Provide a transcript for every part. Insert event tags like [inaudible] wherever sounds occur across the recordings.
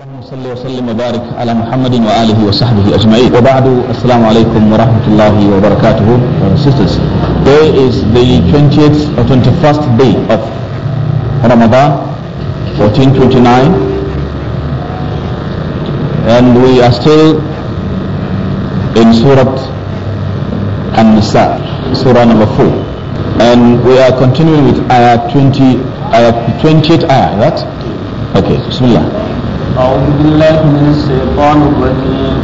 اللهم صل وسلم وبارك على محمد وآله وصحبه أجمعين وبعد السلام عليكم ورحمة الله وبركاته sisters today is the 20th or 21st day of Ramadan 1429 and we are still in Surah An-Nisa Surah number 4 and we are continuing with ayah 20 ayah 28 ayah right okay bismillah أعوذ بالله من الشيطان الرجيم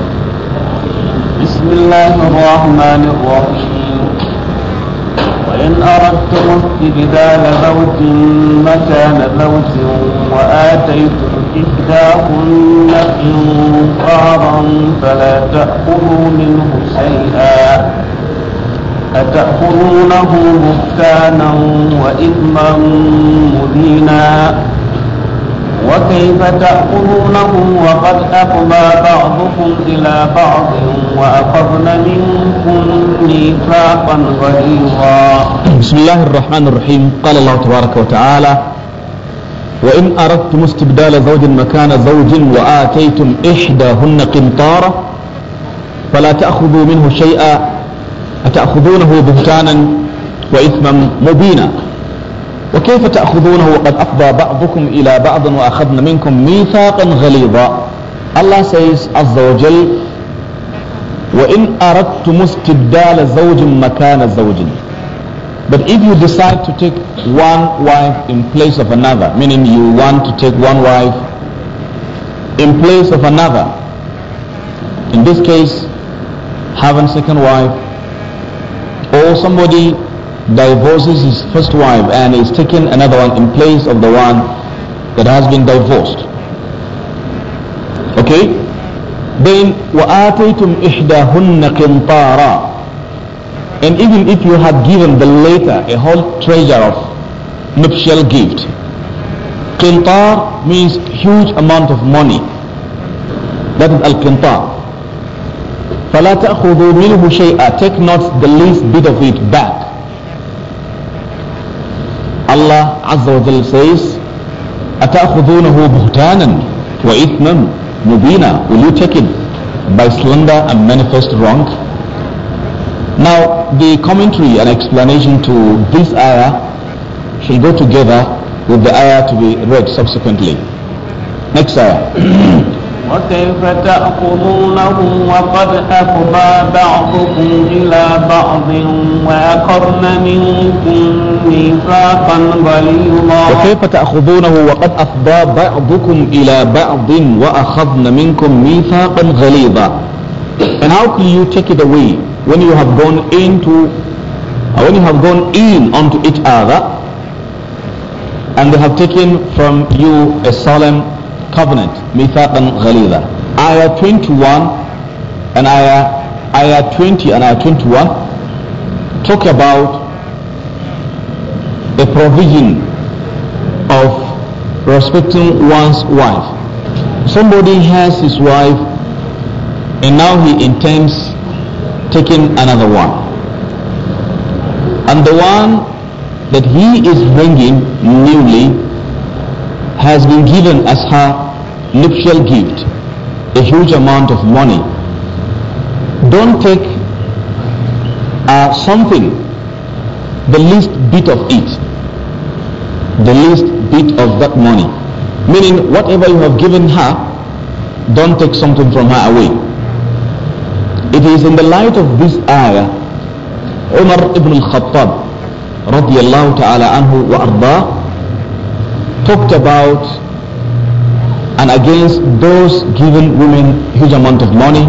بسم الله الرحمن الرحيم وإن أردتم استبدال زوج مكان زوج وآتيتم إحداهن إنقاذا فلا تأخذوا منه شيئا أتأخذونه بهتانا وإثما مبينا وكيف تأخذونه وقد أقضى بعضكم إلى بعض وأخذن منكم ميثاقا غليظا بسم الله الرحمن الرحيم قال الله تبارك وتعالى وإن أردتم استبدال زوج مكان زوج وآتيتم إحداهن قنطارا فلا تأخذوا منه شيئا أتأخذونه بهتانا وإثما مبينا وكيف تأخذونه وقد أفضى بعضكم إلى بعض وأخذنا منكم ميثاقا غليظا Allah says عز وجل وإن أردتم استبدال زوج مكان زوج But if you decide to take one wife in place of another, meaning you want to take one wife in place of another, in this case, having second wife or somebody divorces his first wife and is taking another one in place of the one that has been divorced. Okay? Then وَآتَيْتُمْ إِحْدَاهُنَّ قِنْطَارًا And even if you had given the latter a whole treasure of nuptial gift, qintar means huge amount of money. That is al-qintar. فَلَا تَأْخُذُوا مِنْهُ شَيْئًا Take not the least bit of it back. Allah Azza wa Jal says, أَتَأْخُذُونَهُ بُهْتَانًا وَإِثْمًا مُبِينًا Will you take it by slander and manifest wrong? Now, the commentary and explanation to this ayah shall go together with the ayah to be read subsequently. Next ayah. [clears throat] وكيف تأخذونه وقد أفضى بعضكم إلى بعض وأقرن منكم ميثاقا غليظا وكيف تأخذونه وقد أفضى بعضكم إلى بعض وأخذن منكم ميثاقا غليظا And how can you take it away when you have gone into when you have gone in onto each other and they have taken from you a solemn covenant, mithaqan ghalidha. Ayah 21 and ayah, ayah 20 and ayah 21 talk about a provision of respecting one's wife. Somebody has his wife and now he intends taking another one. And the one that he is bringing newly has been given as her nuptial gift, a huge amount of money. Don't take uh, something, the least bit of it, the least bit of that money. Meaning, whatever you have given her, don't take something from her away. It is in the light of this ayah, Umar ibn al-Khattab, radiallahu ta'ala anhu wa ardah, talked about and against those giving women huge amount of money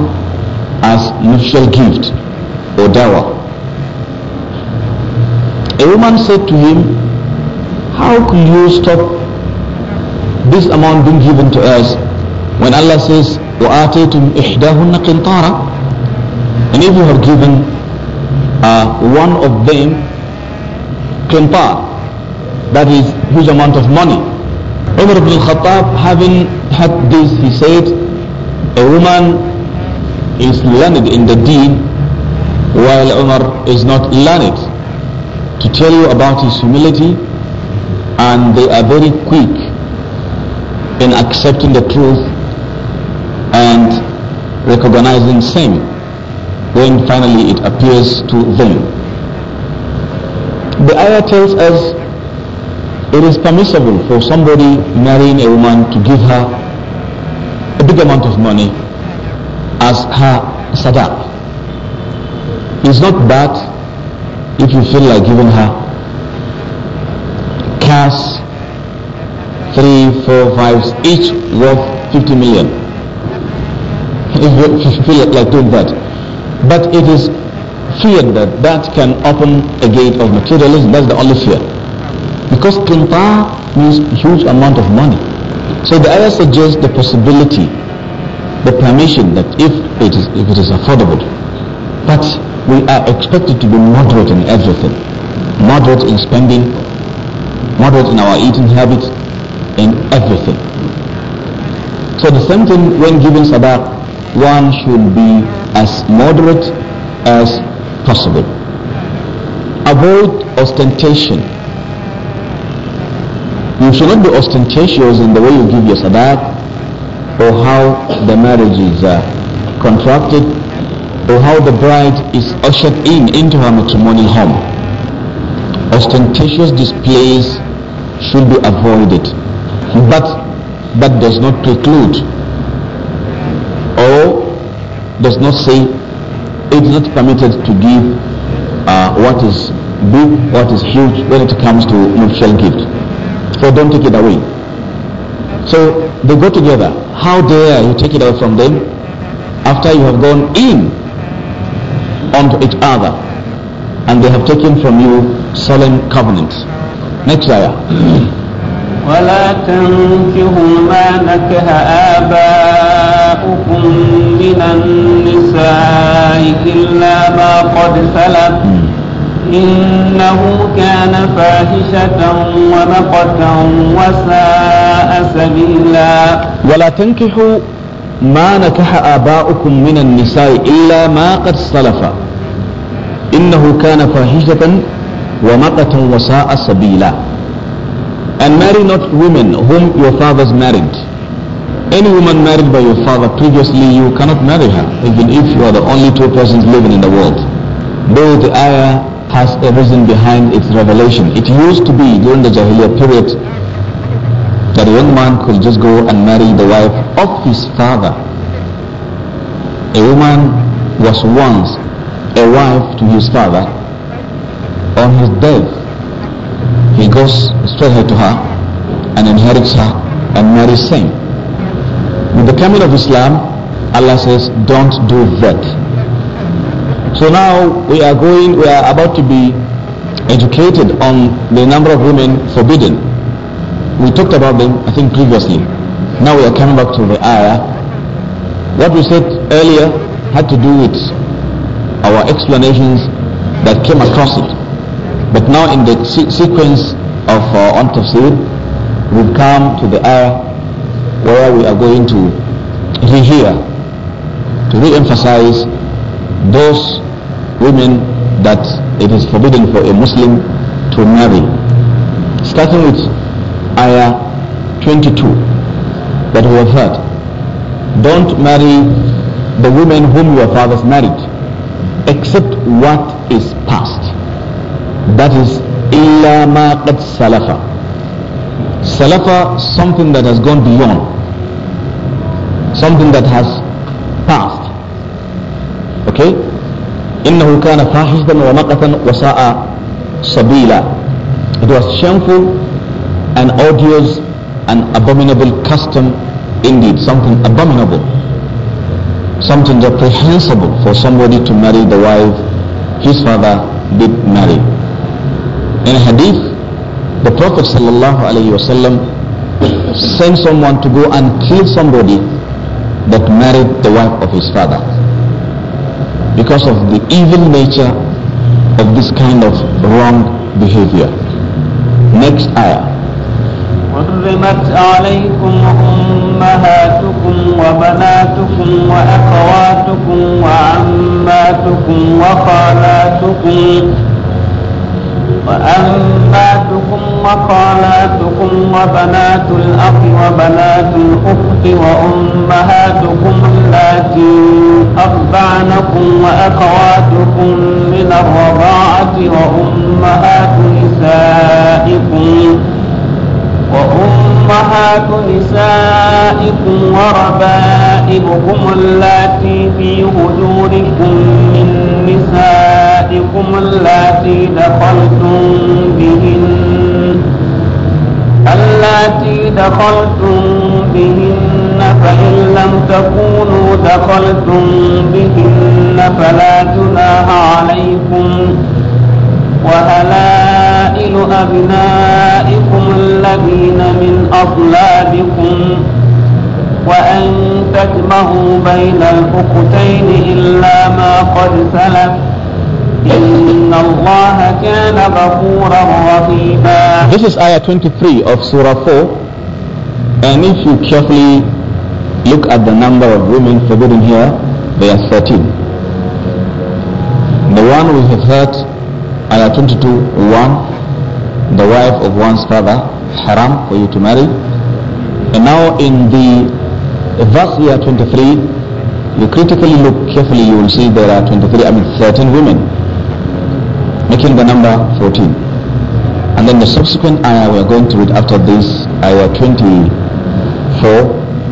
as nuptial gift or dower. A woman said to him, How could you stop this amount being given to us when Allah says, وَآتَيْتُمْ إِحْدَاهُنَّ قِنْطَارًا And if you have given uh, one of them qintar, that is huge amount of money, Umar ibn al-Khattab having had this, he said, a woman is learned in the deed while Umar is not learned to tell you about his humility and they are very quick in accepting the truth and recognizing same when finally it appears to them. The ayah tells us it is permissible for somebody marrying a woman to give her a big amount of money as her sadaq. It's not bad if you feel like giving her cash, three, four, five, each worth 50 million. [laughs] If you [laughs] feel like doing that. But it is feared that that can open a gate of materialism. That's the only fear. Because *kinta* means huge amount of money. So the ayah suggests the possibility, the permission that if it is, if it is affordable, but we are expected to be moderate in everything. Moderate in spending, moderate in our eating habits, in everything. So the same thing when giving sadaq, one should be as moderate as possible. Avoid ostentation you should not be ostentatious in the way you give your sadaq or how the marriage is uh, contracted or how the bride is ushered in into her matrimonial home. Ostentatious displays should be avoided, but that does not preclude or does not say it is not permitted to give uh, what is big, what is huge when it comes to nuptial gift. So don't take it away. So they go together. How dare you take it away from them after you have gone in onto each other and they have taken from you solemn covenants. Next ayah. ولا تنكحوا ما آباؤكم من النساء إلا ما قد سلف إنه كان فاحشة ومقتا وساء سبيلا ولا تنكحوا ما نكح آباؤكم من النساء إلا ما قد سلف إنه كان فاحشة ومقتا وساء سبيلا And marry not women whom your fathers married. Any woman married by your father previously, you cannot marry her, even if you are the only two persons living in the world. Though the ayah has a reason behind its revelation. It used to be during the Jahiliyyah period that a young man could just go and marry the wife of his father. A woman was once a wife to his father. On his death, he goes straight to her and inherits her and marries same. With the coming of Islam, Allah says, don't do that so now we are going, we are about to be educated on the number of women forbidden. We talked about them, I think, previously. Now we are coming back to the ayah. What we said earlier had to do with our explanations that came across it. But now in the se sequence of uh, on tafsir, we've come to the ayah where we are going to rehear, to re-emphasize those women that it is forbidden for a Muslim to marry. Starting with Ayah 22 that we have heard. Don't marry the women whom your fathers married except what is past. That is illa maqat salafa. Salafa, something that has gone beyond. Something that has passed Okay? إنه wa فاحشة wa saa sabila. It was shameful and odious and abominable custom indeed, something abominable. Something reprehensible for somebody to marry the wife his father did marry. In a hadith, the Prophet ﷺ sent someone to go and kill somebody that married the wife of his father because of the evil nature of this kind of wrong behavior. Next ayah. حرمت عليكم أمهاتكم وبناتكم وأخواتكم وعماتكم وخالاتكم وأماتكم وخالاتكم وبنات الأخ وبنات الأخت وأمهاتكم التي أرضعنكم وأخواتكم من الرضاعة وأمهات نسائكم وأمهات نسائكم وربائبكم التي في هجوركم من نسائكم أزواجكم اللاتي دخلتم بهن اللاتي دخلتم بهن فإن لم تكونوا دخلتم بهن فلا جناح عليكم وهلائل أبنائكم الذين من أصلابكم وأن تجمعوا بين الأختين إلا ما قد سلف This is ayah 23 of surah 4 and if you carefully look at the number of women forbidden here they are 13 the one we have heard ayah 22 1 the wife of one's father haram for you to marry and now in the verse year 23 you critically look carefully, you will see there are 23, I mean 13 women making the number 14. And then the subsequent ayah we are going to read after this, ayah 24,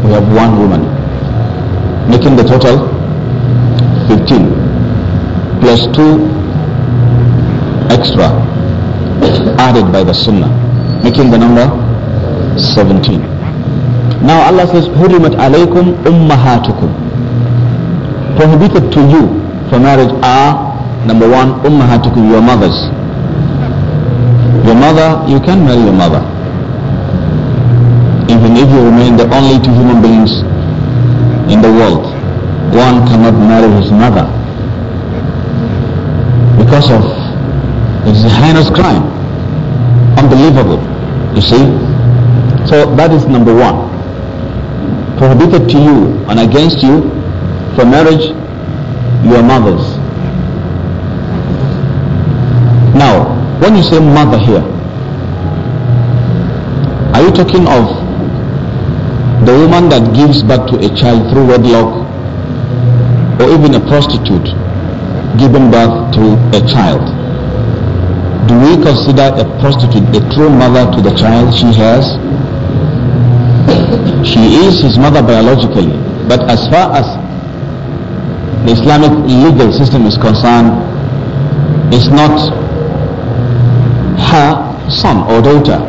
we have one woman, making the total 15, plus two extra added by the sunnah, making the number 17. Now Allah says, حُرِّمَتْ عَلَيْكُمْ أُمَّهَاتُكُمْ Prohibited to you for marriage are Number one, ummahatukum, your mothers. Your mother, you can marry your mother. Even if you remain the only two human beings in the world, one cannot marry his mother because of it is a heinous crime. Unbelievable. You see? So that is number one. Prohibited to you and against you for marriage, your mothers. Now, when you say mother here, are you talking of the woman that gives birth to a child through wedlock or even a prostitute giving birth to a child? Do we consider a prostitute a true mother to the child she has? she is his mother biologically, but as far as the Islamic legal system is concerned, it's not her son or daughter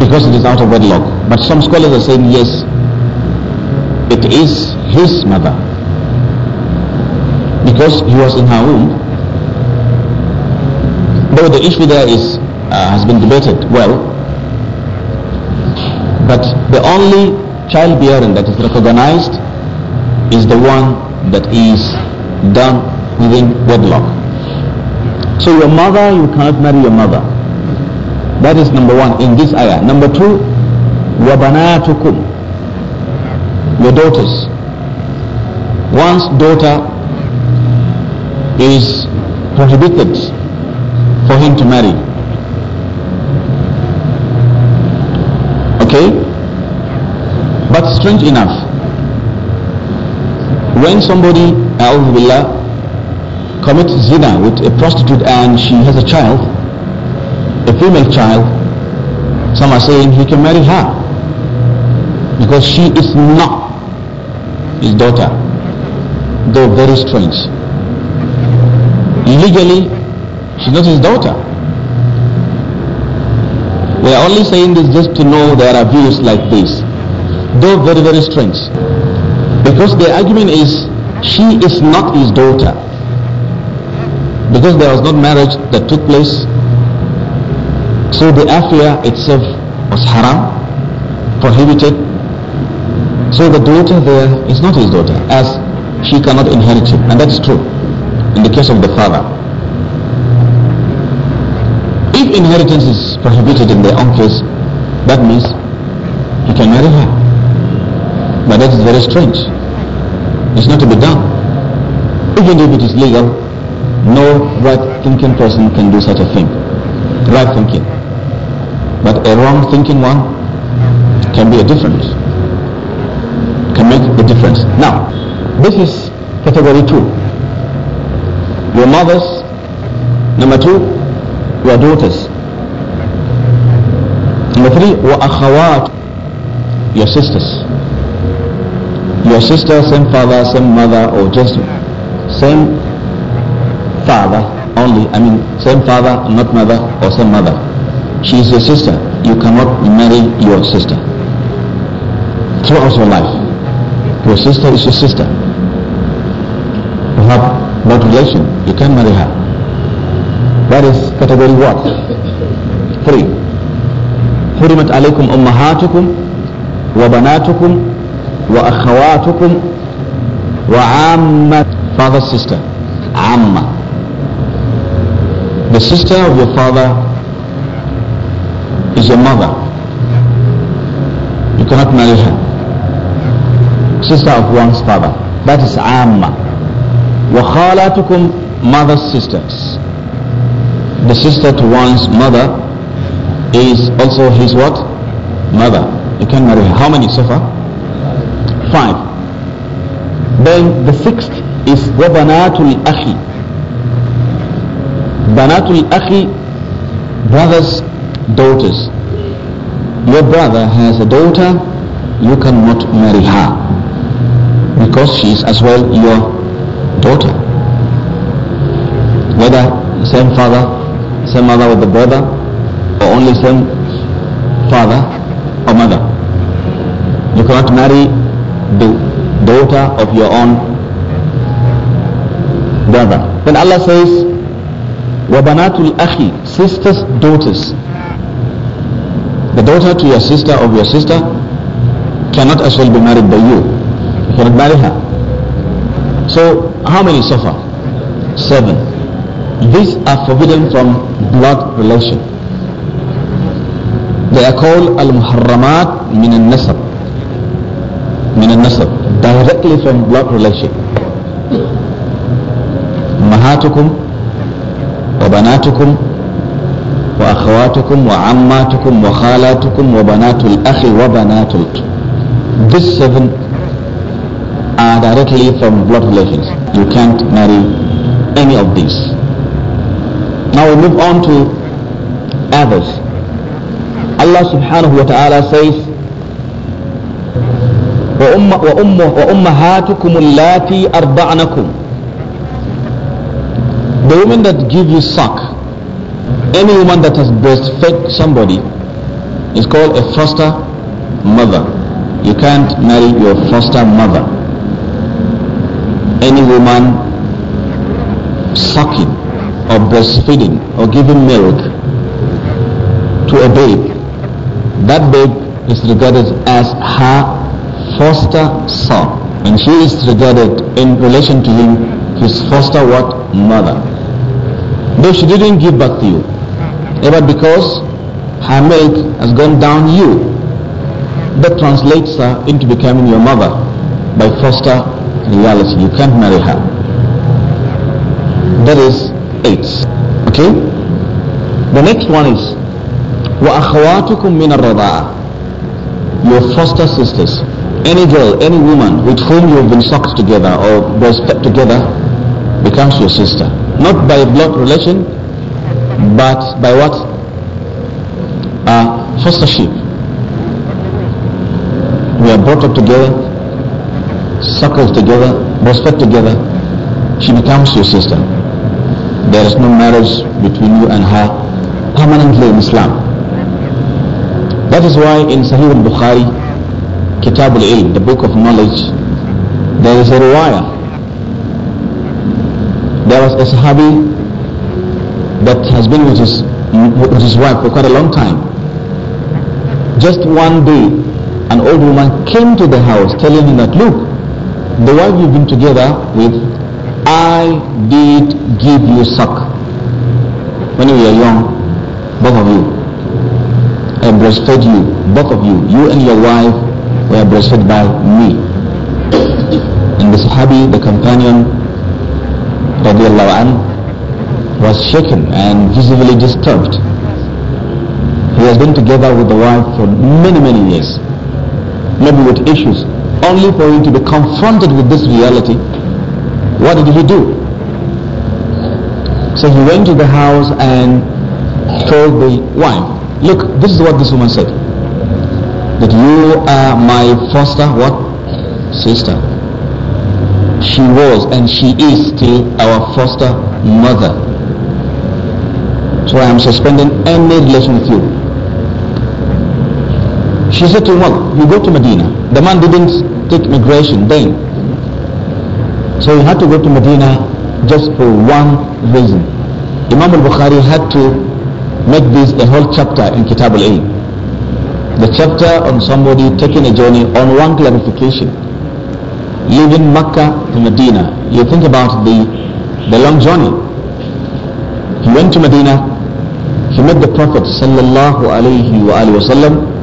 because it is out of wedlock. But some scholars are saying yes, it is his mother because he was in her womb. Though the issue there is uh, has been debated well, but the only childbearing that is recognized is the one that is done within wedlock. So your mother, you cannot marry your mother. That is number one in this ayah. Number two, وَبَنَاتُكُمْ Your daughters. One's daughter is prohibited for him to marry. Okay? But strange enough, when somebody, else will commits zina with a prostitute and she has a child, a female child, some are saying he can marry her because she is not his daughter, though very strange. Legally, she's not his daughter. We are only saying this just to know there are views like this, though very, very strange. Because the argument is she is not his daughter because there was not marriage that took place so the affair itself was haram prohibited so the daughter there is not his daughter as she cannot inherit him and that's true in the case of the father if inheritance is prohibited in their uncle's, that means he can marry her but that is very strange it's not to be done even if it is legal no right thinking person can do such a thing. Right thinking. But a wrong thinking one can be a difference. Can make a difference. Now, this is category two. Your mothers, number two, your daughters. Number three, وأخوات your sisters. Your sister, same father, same mother, or just same father only. I mean, same father, not mother, or same mother. She is your sister. You cannot marry your sister. Throughout your life, your sister is your sister. You have no relation. You can marry her. That is category what? Three. حرمت عليكم أمهاتكم وبناتكم وأخواتكم وعامة father sister عامة the sister of your father is your mother. You cannot marry her. Sister of one's father. That is Amma. وَخَالَاتُكُمْ Mother's sisters. The sister to one's mother is also his what? Mother. You can marry her. How many so far? Five. Then the sixth is وَبَنَاتُ الْأَخِي Banatul Akhi, brothers, daughters. Your brother has a daughter, you cannot marry her because she is as well your daughter. Whether same father, same mother with the brother, or only same father or mother. You cannot marry the daughter of your own brother. Then Allah says, وبنات الأخي sisters daughters the daughter to your sister of your sister cannot as well be married by you you cannot marry her so how many suffer seven these are forbidden from blood relation they are called al-muharramat min al-nasab min al-nasab directly from blood relation mahatukum وبناتكم وأخواتكم وعماتكم وخالاتكم وبنات الأخ وبنات الأخ These seven are directly from blood relations. You can't marry any of these. Now we move on to others. Allah subhanahu wa ta'ala says, وأمهاتكم اللاتي أرضعنكم The woman that give you suck, any woman that has breastfed somebody is called a foster mother. You can't marry your foster mother. Any woman sucking or breastfeeding or giving milk to a babe, that babe is regarded as her foster son. And she is regarded in relation to him, his foster what? Mother. Though she didn't give back to you. Ever because her milk has gone down you. That translates her into becoming your mother by foster reality. You can't marry her. That is eight. Okay? The next one is وَأَخَوَاتُكُم مِّنَ الرَّضَاعَةِ Your foster sisters. Any girl, any woman with whom you've been sucked together or breastfed together becomes your sister not by blood relation, but by what? Uh, fostership. We are brought up together, suckled together, breastfed together. She becomes your sister. There is no marriage between you and her permanently in Islam. That is why in Sahih al-Bukhari, Kitab al-Ilm, the book of knowledge, there is a riwayah there was a Sahabi that has been with his, with his wife for quite a long time. Just one day, an old woman came to the house telling him that, look, the wife you've been together with, I did give you suck when you were young, both of you. I breastfed you, both of you. You and your wife were breastfed by me. And the Sahabi, the companion, radiallahu anh, was shaken and visibly disturbed. He has been together with the wife for many, many years, maybe with issues, only for him to be confronted with this reality. What did he do? So he went to the house and told the wife, look, this is what this woman said, that you are my foster, what? Sister she was and she is still our foster mother. So I am suspending any relation with you. She said to him, well, you go to Medina. The man didn't take migration then. So he had to go to Medina just for one reason. Imam al-Bukhari had to make this a whole chapter in Kitab al-Ilm. The chapter on somebody taking a journey on one clarification leaving Mecca to Medina. You think about the, the long journey. He went to Medina, he met the Prophet sallallahu alayhi wa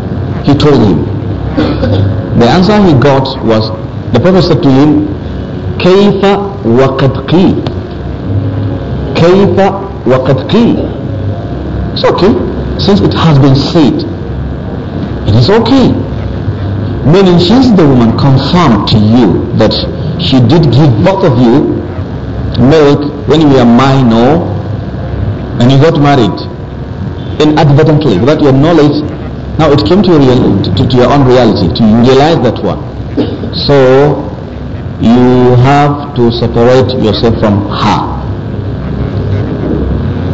he told him. The answer he got was, the Prophet said to him, كيف وقد قيل كيف وقد قيل It's okay, since it has been said, it is okay. Meaning since the woman confirmed to you that she did give both of you milk when you were minor and you got married inadvertently without your knowledge now it came to your, real, to, to your own reality to realize that one so you have to separate yourself from her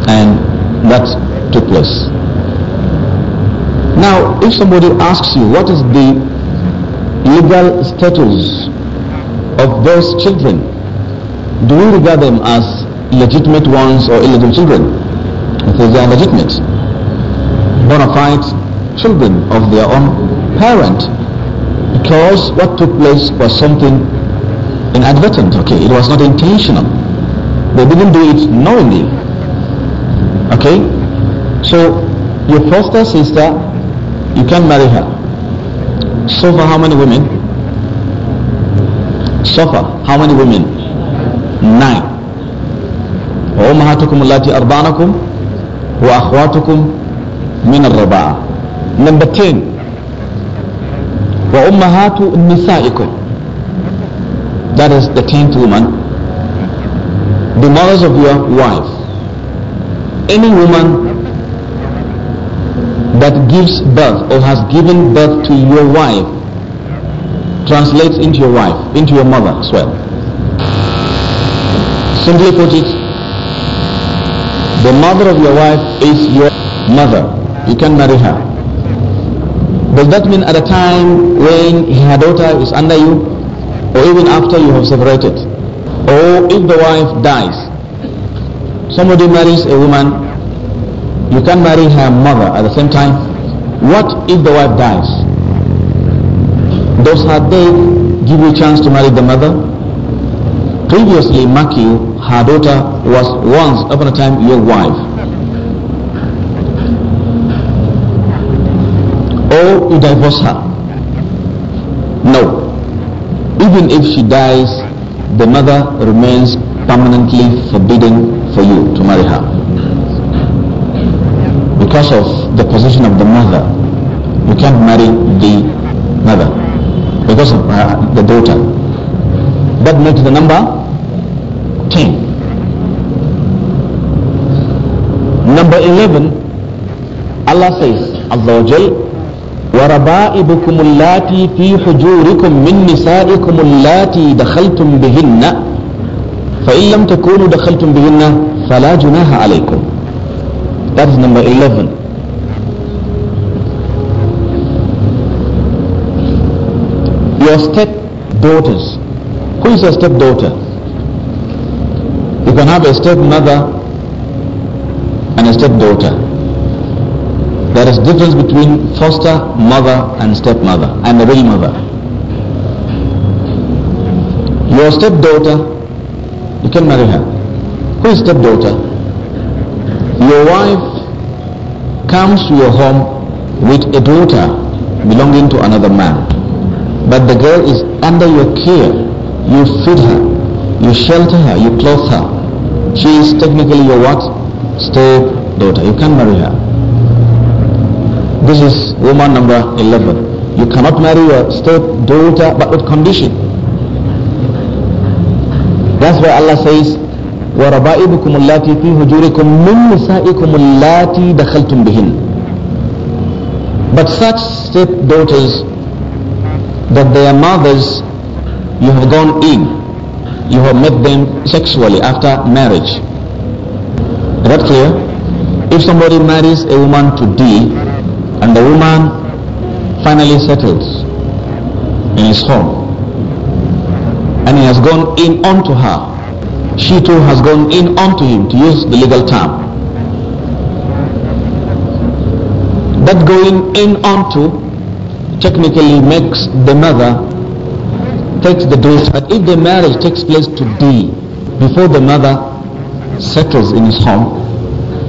and that took place now if somebody asks you what is the legal status of those children? Do we regard them as legitimate ones or illegitimate children? Because they are legitimate, bona fide children of their own parent. Because what took place was something inadvertent, okay? It was not intentional. They didn't do it knowingly, okay? So, your foster sister, you can marry her Suffer how many women? Suffer how many women? Nine. وأمهاتكم التي أرضعنكم وأخواتكم من الرضاعة. Number 10. وأمهات نسائكم. That is the tenth woman. The mothers of your wife. Any woman that gives birth or has given birth to your wife translates into your wife, into your mother as well. Simply put it, the mother of your wife is your mother. You can marry her. Does that mean at a time when her daughter is under you, or even after you have separated, or if the wife dies, somebody marries a woman you can't marry her mother at the same time. What if the wife dies? Does her death give you a chance to marry the mother? Previously, mark you, her daughter was once upon a time your wife. Or you divorce her. No. Even if she dies, the mother remains permanently forbidden for you to marry her. because of the position of the mother, you can't marry the mother because of uh, the daughter. That makes the number 10. Number 11, Allah says, Azza wa Jal, وربائبكم اللاتي في حجوركم من نسائكم اللاتي دخلتم بهن فإن لم تكونوا دخلتم بهن فلا جناح عليكم That's number 11. Your stepdaughters. Who is your stepdaughter? You can have a stepmother and a stepdaughter. There is difference between foster mother and stepmother and the real mother. Your stepdaughter, you can marry her. Who is stepdaughter? Your wife comes to your home with a daughter belonging to another man, but the girl is under your care, you feed her, you shelter her, you clothe her. She is technically your what? Step daughter. You can't marry her. This is woman number 11. You cannot marry your step daughter, but with condition. That's why Allah says, وربائبكم اللاتي في هجوركم من نسائكم اللاتي دخلتم بهن But such stepdaughters that their mothers you have gone in, you have met them sexually after marriage. Is that clear? If somebody marries a woman to D and the woman finally settles in his home and he has gone in onto her she too has gone in onto him to use the legal term. That going in onto technically makes the mother takes the daughter. but if the marriage takes place today, before the mother settles in his home,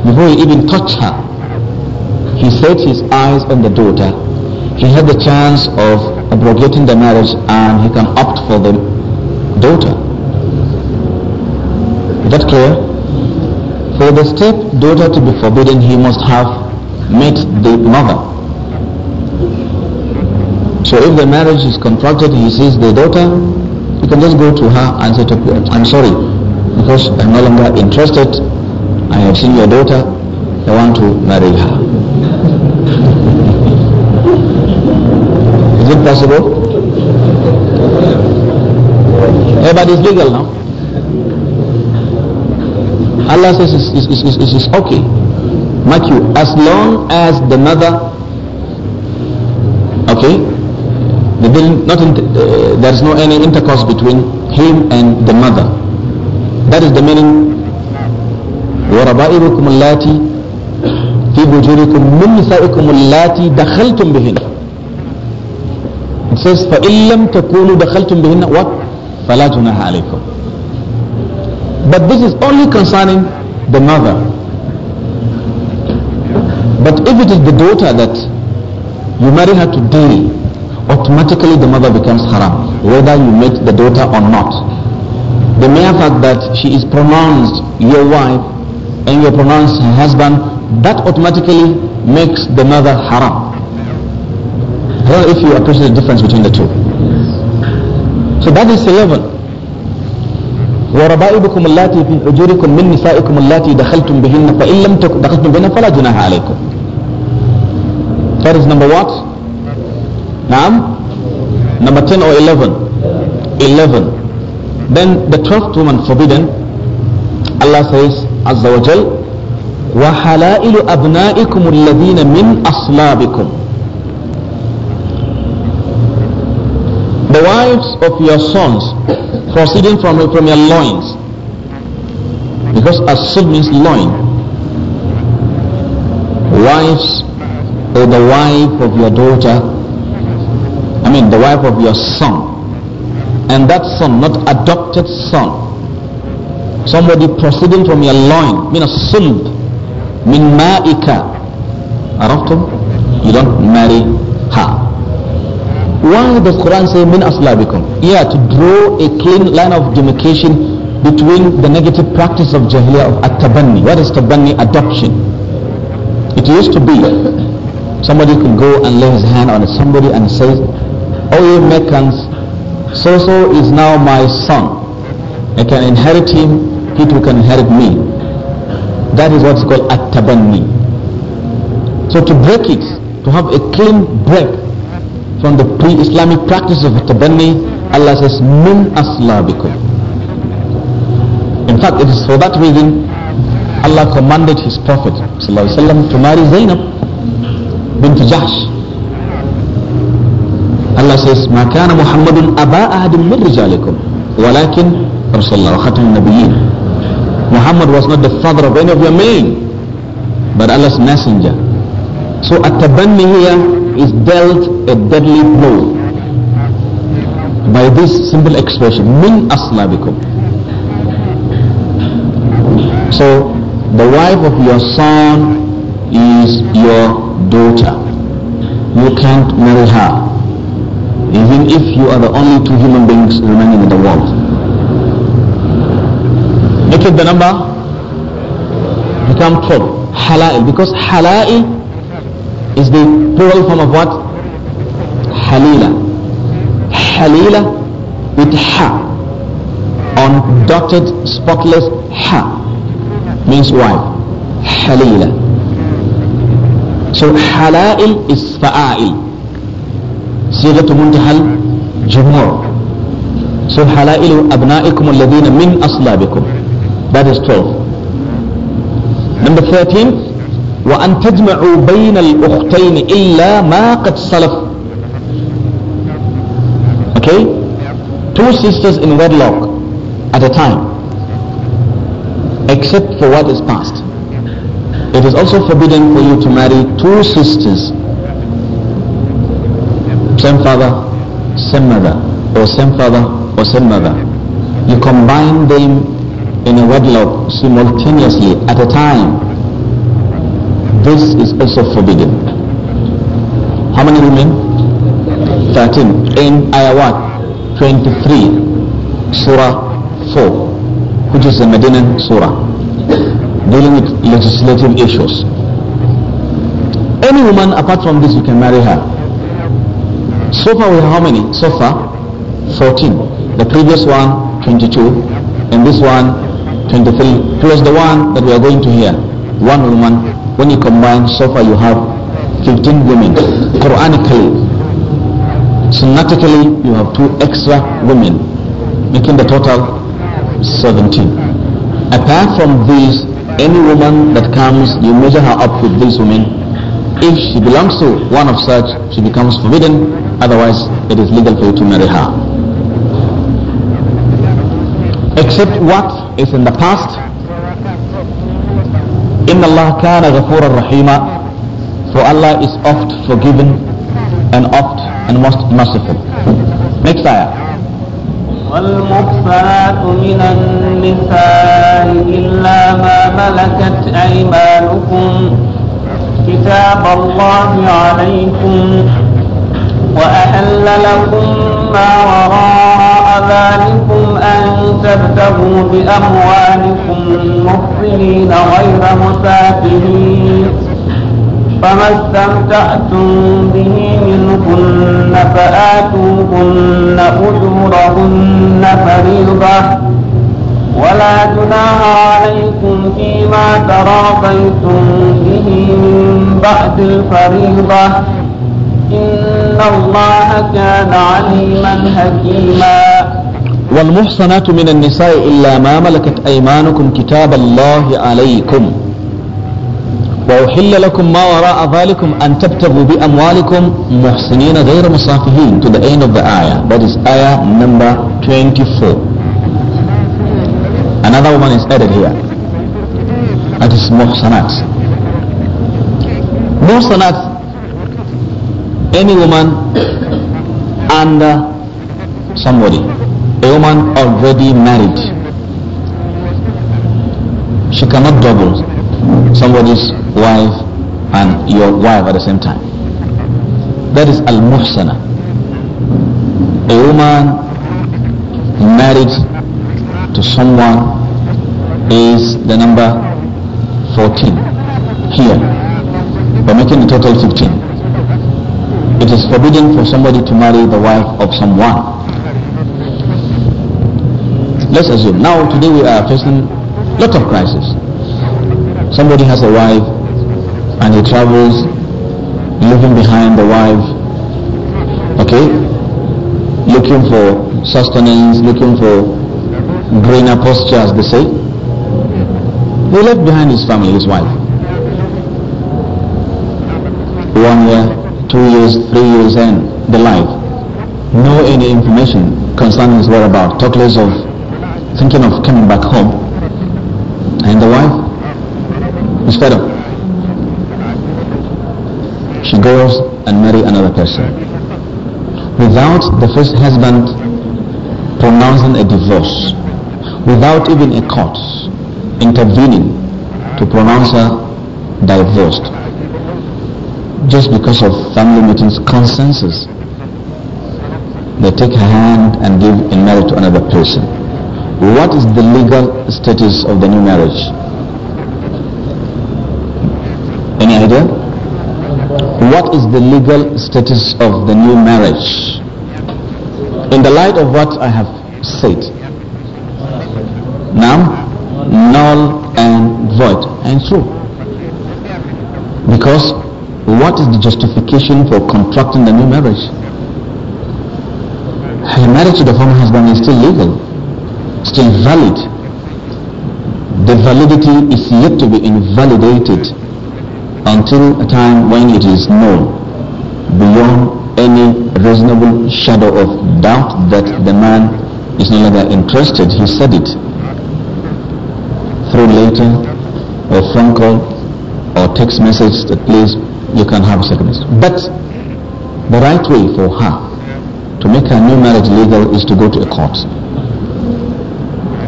before he even touched her, he set his eyes on the daughter. He had the chance of abrogating the marriage and he can opt for the daughter that clear? For the stepdaughter to be forbidden, he must have met the mother. So if the marriage is contracted, he sees the daughter, he can just go to her and say, to I'm sorry, because I'm no longer interested. I have seen your daughter. I want to marry her. is it possible? Everybody is legal now. Allah says it's, it's, it's, it's, it's okay. Mark you, as long as the mother, okay, the, not uh, there is no any intercourse between him and the mother. That is the meaning. وربائركم اللاتي في بجوركم من نسائكم اللاتي دخلتم بهن. It says فإن لم تكونوا دخلتم بهن what? فلا جناح عليكم. But this is only concerning the mother. But if it is the daughter that you marry her today, automatically the mother becomes haram, whether you meet the daughter or not. The mere fact that she is pronounced your wife and you pronounce her husband, that automatically makes the mother haram. Well, if you appreciate the difference between the two. So that is the level. وربائبكم اللاتي في حجوركم من نسائكم اللاتي دخلتم بهن فإن لم دخلتم بهن فلا جناح عليكم That is number what? نعم Number 10 or 11 11 Then the 12th woman forbidden Allah says عز وجل وحلائل أبنائكم الذين من أصلابكم wives of your sons proceeding from, from your loins. Because asud means loin. Wives or the wife of your daughter, I mean the wife of your son. And that son, not adopted son. Somebody proceeding from your loin, mean a sulb, min ma'ika. Araftum? You don't marry her. Why does Quran say min aslabikum? Yeah, to draw a clean line of demarcation between the negative practice of jahiliyyah of at-tabanni. What is tabanni? Adoption. It used to be somebody could go and lay his hand on somebody and say, Oh you Meccans, so-so is now my son. I can inherit him, he too can inherit me. That is what's called at-tabanni. So to break it, to have a clean break from the pre-Islamic practice of tabanni, Allah says, min aslabikum. In fact, it is for that reason Allah commanded His Prophet وسلم, to marry Zainab bint Jahsh. Allah says, "Ma kana Muhammadun أبا أحد من رجالكم ولكن رسول الله Muhammad was not the father of any of your men, but Allah's messenger. So at tabanni here is dealt a deadly blow by this simple expression, min aslabikum. So the wife of your son is your daughter. You can't marry her, even if you are the only two human beings remaining in the world. Make it the number become 12. Halal, because halal is the plural form of what? Halila. Halila with ha undotted, spotless ha means wife. Halila. So halail is fa'ail. صيغة منتهى jumur. So halailu abnaikum الذين min aslabikum. That is 12. Number 13 وأن تجمعوا بين الأختين إلا ما قد سلف okay two sisters in wedlock at a time except for what is past it is also forbidden for you to marry two sisters same father same mother or same father or same mother you combine them in a wedlock simultaneously at a time this is also forbidden. How many women? 13. In Ayah 1, 23, Surah 4, which is the Medinan Surah, dealing with legislative issues. Any woman apart from this, you can marry her. So far we have how many? So far, 14. The previous one, 22. And this one, 23. Plus the one that we are going to hear. One woman, when you combine, so far you have 15 women. Quranically, synaptically, you have two extra women, making the total 17. Apart from these, any woman that comes, you measure her up with these women. If she belongs to one of such, she becomes forbidden. Otherwise, it is legal for you to marry her. Except what is in the past إن الله كان غفورا رحيما for Allah is oft forgiven and oft and most merciful next ayah والمحصنات من النساء إلا ما ملكت أيمانكم كتاب الله عليكم وأحل لكم ما وراء ذلكم أن تبتغوا بأموالكم محصنين غير مسافرين فما استمتعتم به منكن فآتوهن أجورهن فريضة ولا جناح عليكم فيما تراضيتم به من بعد الفريضة إن الله كان عليما حكيما والمحصنات من النساء إلا ما ملكت أيمانكم كتاب الله عليكم وأحل لكم ما وراء ذلكم أن تبتغوا بأموالكم محسنين غير مصافحين to the end of the ayah that is ayah number 24 another woman is added here that is محصنات محصنات any woman [coughs] under somebody a woman already married, she cannot double somebody's wife and your wife at the same time. That is al muhsana. A woman married to someone is the number 14 here. We're making the total 15. It is forbidden for somebody to marry the wife of someone. Let's assume. Now, today we are facing a lot of crises. Somebody has a wife and he travels leaving behind the wife, okay, looking for sustenance, looking for greener pastures, they say. He left behind his family, his wife. One year, two years, three years, and the life. No any information concerning his whereabouts, talk less of thinking of coming back home. And the wife is fed up. She goes and marries another person. Without the first husband pronouncing a divorce, without even a court intervening to pronounce her divorced, just because of family meetings consensus, they take her hand and give in marriage to another person what is the legal status of the new marriage? Any idea? What is the legal status of the new marriage? In the light of what I have said, now null and void and true. Because what is the justification for contracting the new marriage? A marriage to the former husband is still legal still valid. The validity is yet to be invalidated until a time when it is known beyond any reasonable shadow of doubt that the man is no longer interested. He said it through letter or phone call or text message that please you can have second. But the right way for her to make her new marriage legal is to go to a court.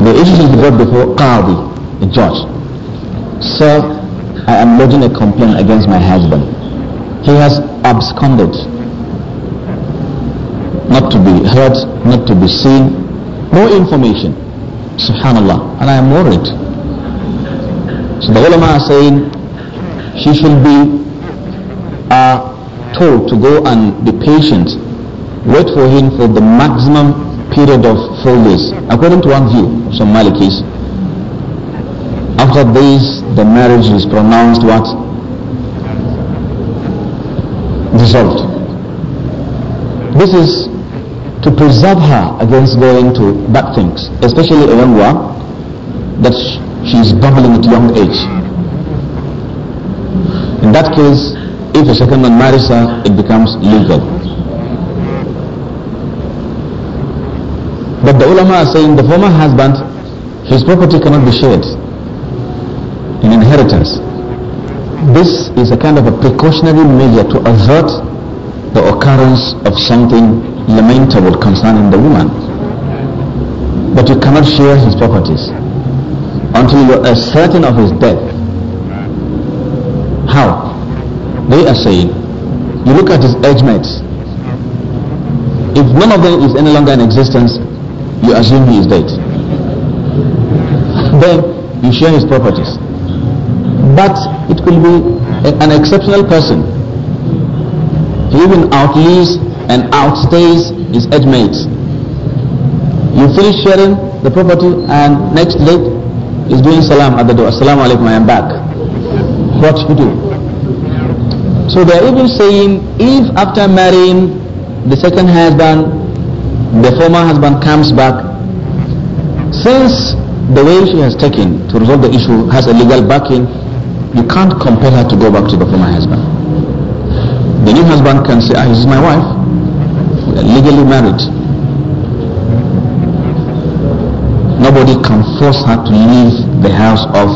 The issue is brought before Qadi, the judge. Sir, I am lodging a complaint against my husband. He has absconded, not to be heard, not to be seen, no information. Subhanallah. And I am worried. So the ulama are saying she should be uh, told to go and be patient, wait for him for the maximum period of four days, according to one view of some Malikis. After this, the marriage is pronounced what? Dissolved. This is to preserve her against going to bad things, especially a young one that she is bubbling at young age. In that case, if a second man marries her, it becomes legal. But the ulama are saying the former husband, his property cannot be shared in inheritance. This is a kind of a precautionary measure to avert the occurrence of something lamentable concerning the woman. But you cannot share his properties until you are certain of his death. How? They are saying, you look at his age mates. If none of them is any longer in existence, you assume he is dead. Then you share his properties. But it could be a, an exceptional person. He even outlives and outstays his age mates. You finish sharing the property and next day is doing salam at the door. Assalamu alaikum, I am back. What you do? So they are even saying if after marrying the second husband the former husband comes back since the way she has taken to resolve the issue has a legal backing you can't compel her to go back to the former husband the new husband can say ah, this is my wife we are legally married nobody can force her to leave the house of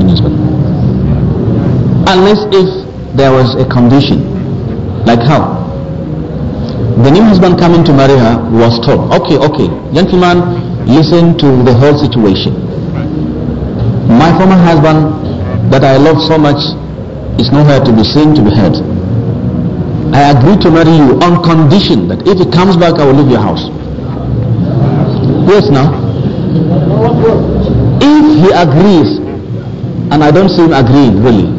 the husband unless if there was a condition like how the new husband coming to marry her was told, okay, okay, gentlemen, listen to the whole situation. My former husband that I love so much is nowhere to be seen, to be heard. I agree to marry you on condition that if he comes back, I will leave your house. Yes, now. If he agrees, and I don't see him agreeing, really,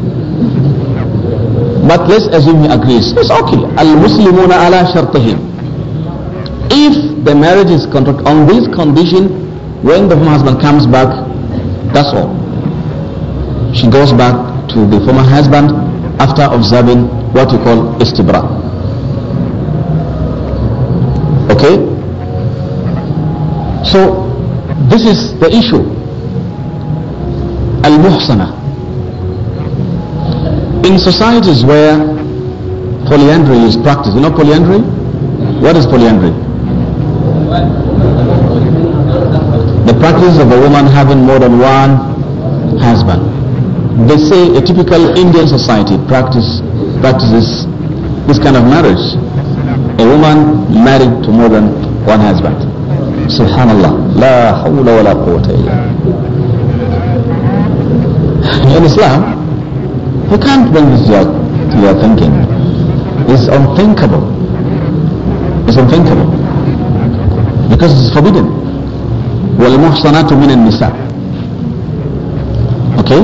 but let's assume he agrees. It's okay. Al-Muslimuna ala shartahim. If the marriage is contracted on this condition, when the former husband comes back, that's all. She goes back to the former husband after observing what you call istibra. Okay? So, this is the issue. Al-Muhsana in societies where polyandry is practiced, you know polyandry? What is polyandry? The practice of a woman having more than one husband. They say a typical Indian society practice, practices this kind of marriage. A woman married to more than one husband. Subhanallah. La hawla wa la quwwata illa. In Islam, you can't bring this to your, to your thinking. It's unthinkable. It's unthinkable. Because it's forbidden. Okay?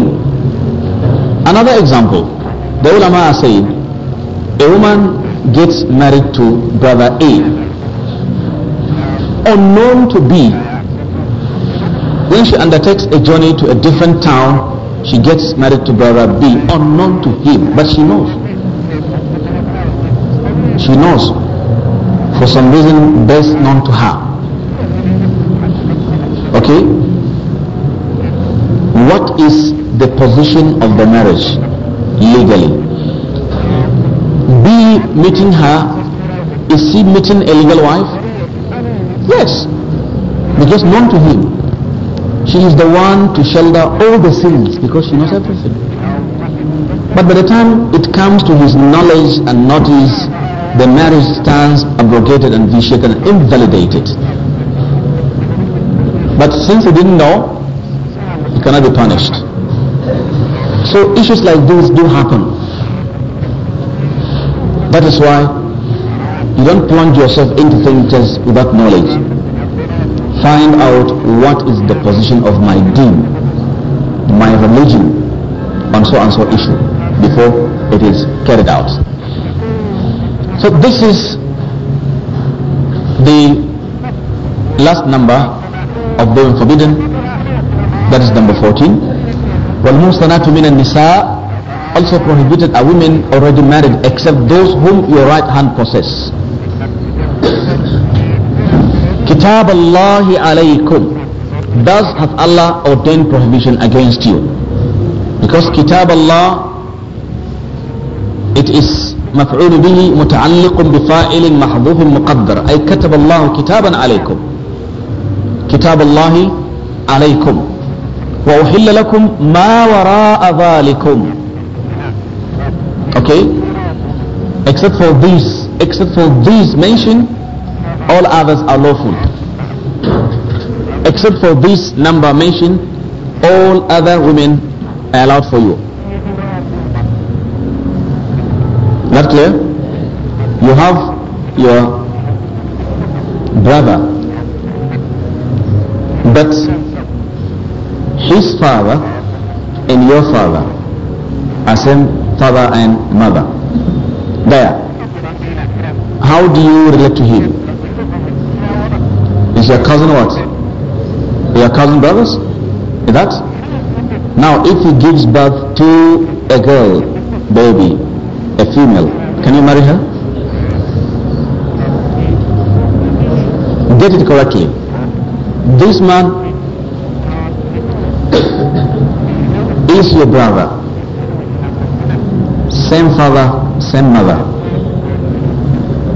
Another example. The ulama are saying, a woman gets married to brother A, unknown to B. When she undertakes a journey to a different town, she gets married to brother B unknown to him, but she knows. She knows. For some reason best known to her. Okay? What is the position of the marriage legally? B meeting her, is she meeting a legal wife? Yes. Because known to him. She is the one to shelter all the sins because she knows everything. But by the time it comes to his knowledge and notice, the marriage stands abrogated and vitiated and invalidated. But since he didn't know, he cannot be punished. So issues like this do happen. That is why you don't plunge yourself into things just without knowledge find out what is the position of my deen, my religion on so and so issue before it is carried out. So this is the last number of being forbidden. That is number 14. وَالْمُحْصَنَاتُ مِنَ النِّسَاءِ also prohibited are women already married except those whom your right hand possess. كتاب الله عليكم Does hath Allah ordained prohibition against you because كتاب الله it is مفعول به متعلق بفاعل محذوف مقدر أي كتب الله كتابا عليكم كتاب الله عليكم وأحل لكم ما وراء ذلكم okay except for these except for these mentioned all others are lawful except for this number mentioned, all other women are allowed for you. Not clear? You have your brother, but his father and your father are same father and mother. There. How do you relate to him? Is your cousin what? They are cousin brothers? Is that? Now, if he gives birth to a girl, baby, a female, can you marry her? Get it correctly. This man [coughs] is your brother. Same father, same mother.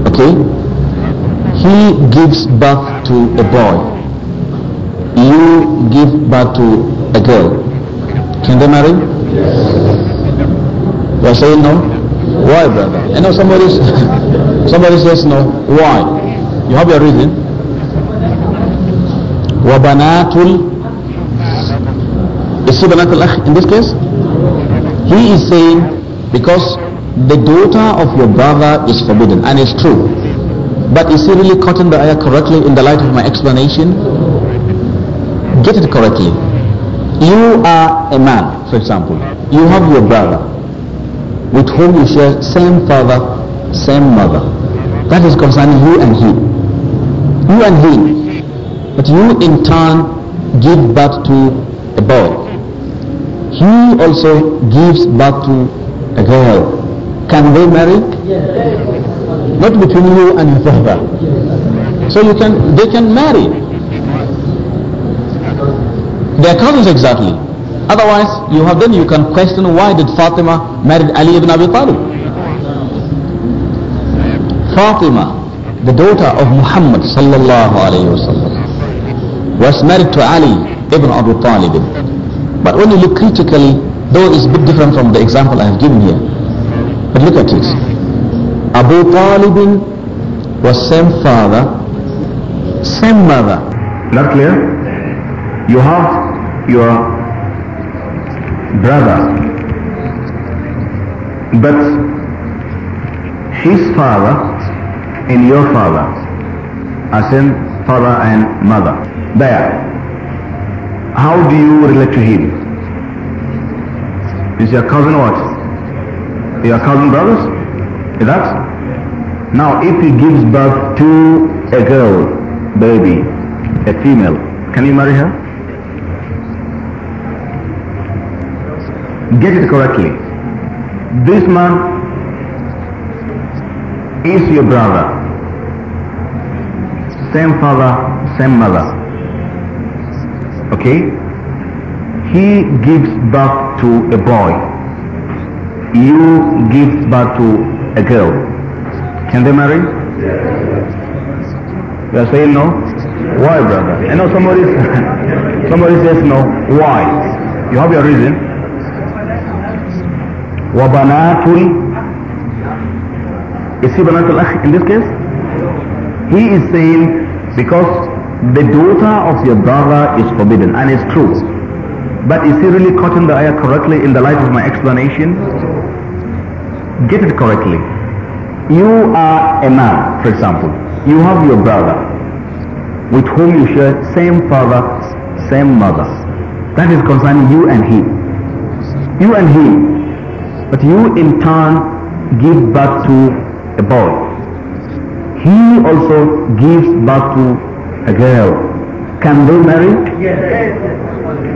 Okay? He gives birth to a boy you give birth to a girl, can they marry? Yes. You are saying no? Why, brother? I know somebody, [laughs] somebody says no. Why? You have your reason. Wabanatul. is he Banatul in this case? He is saying because the daughter of your brother is forbidden and it's true. But is he really cutting the ayah correctly in the light of my explanation? get it correctly. You are a man, for example. You have your brother with whom you share same father, same mother. That is concerning you and him. You and him. But you in turn give birth to a boy. He also gives birth to a girl. Can they marry? Yes. Not between you and your father. So you can, they can marry. Their cousins exactly. Otherwise, you have then you can question why did Fatima marry Ali ibn Abi Talib? Fatima, the daughter of Muhammad sallallahu alayhi wasallam, was married to Ali ibn Abi Talib. But when you look critically, though it's a bit different from the example I have given here, but look at it. Abu Talib was same father, same mother. Not clear? You have your brother. But his father and your father, as in father and mother. There. How do you relate to him? Is your cousin what? Your cousin brothers? Is that? Now, if he gives birth to a girl, baby, a female, can you marry her? get it correctly. This man is your brother. Same father, same mother. Okay? He gives birth to a boy. You give birth to a girl. Can they marry? You are saying no? Why, brother? I know somebody, [laughs] somebody says no. Why? You have your reason. وبنات is he بنات الأخ in this case he is saying because the daughter of your brother is forbidden and it's true but is he really cutting the ayah correctly in the light of my explanation get it correctly you are a man for example you have your brother with whom you share same father same mother that is concerning you and him you and him but you in turn give birth to a boy. He also gives birth to a girl. Can they marry? Yes.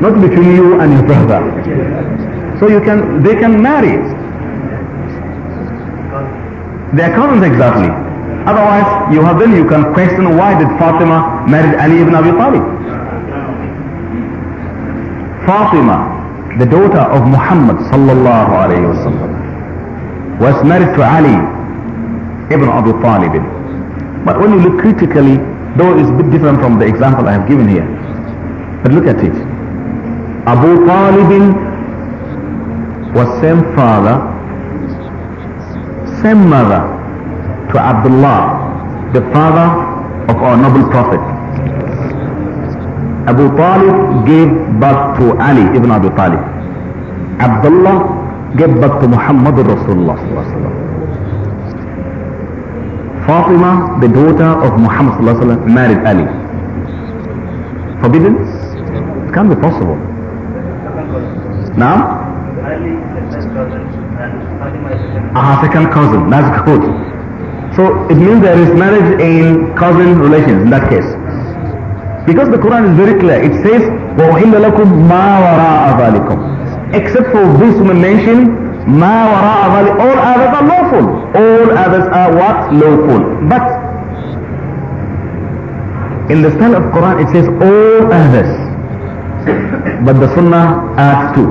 Not between you and your brother. Yes. So you can, they can marry. They are cousins exactly. Otherwise, you have then you can question why did Fatima marry Ali ibn Abi Talib? Fatima the daughter of Muhammad sallallahu alayhi wasallam, was married to Ali ibn Abu Talib. But when you look critically, though it's a bit different from the example I have given here, but look at it. Abu Talib was same father, same mother to Abdullah, the father of our noble prophet. Abu Talib gave birth to Ali ibn Abi Talib. Abdullah gave birth to Muhammad Rasulullah. Fatima, the daughter of Muhammad married Ali. Forbidden? It can't be possible. Now? Ah, second cousin. That's good. So it means there is marriage in cousin relations in that case. Because the Quran is very clear. It says, وَأُحِلَّ لَكُمْ مَا وَرَاءَ ذَلِكُمْ Except for this one mentioned, مَا وَرَاءَ ذَلِكُمْ All others are lawful. All others are what? Lawful. But in the style of Quran it says all others. But the Sunnah adds two.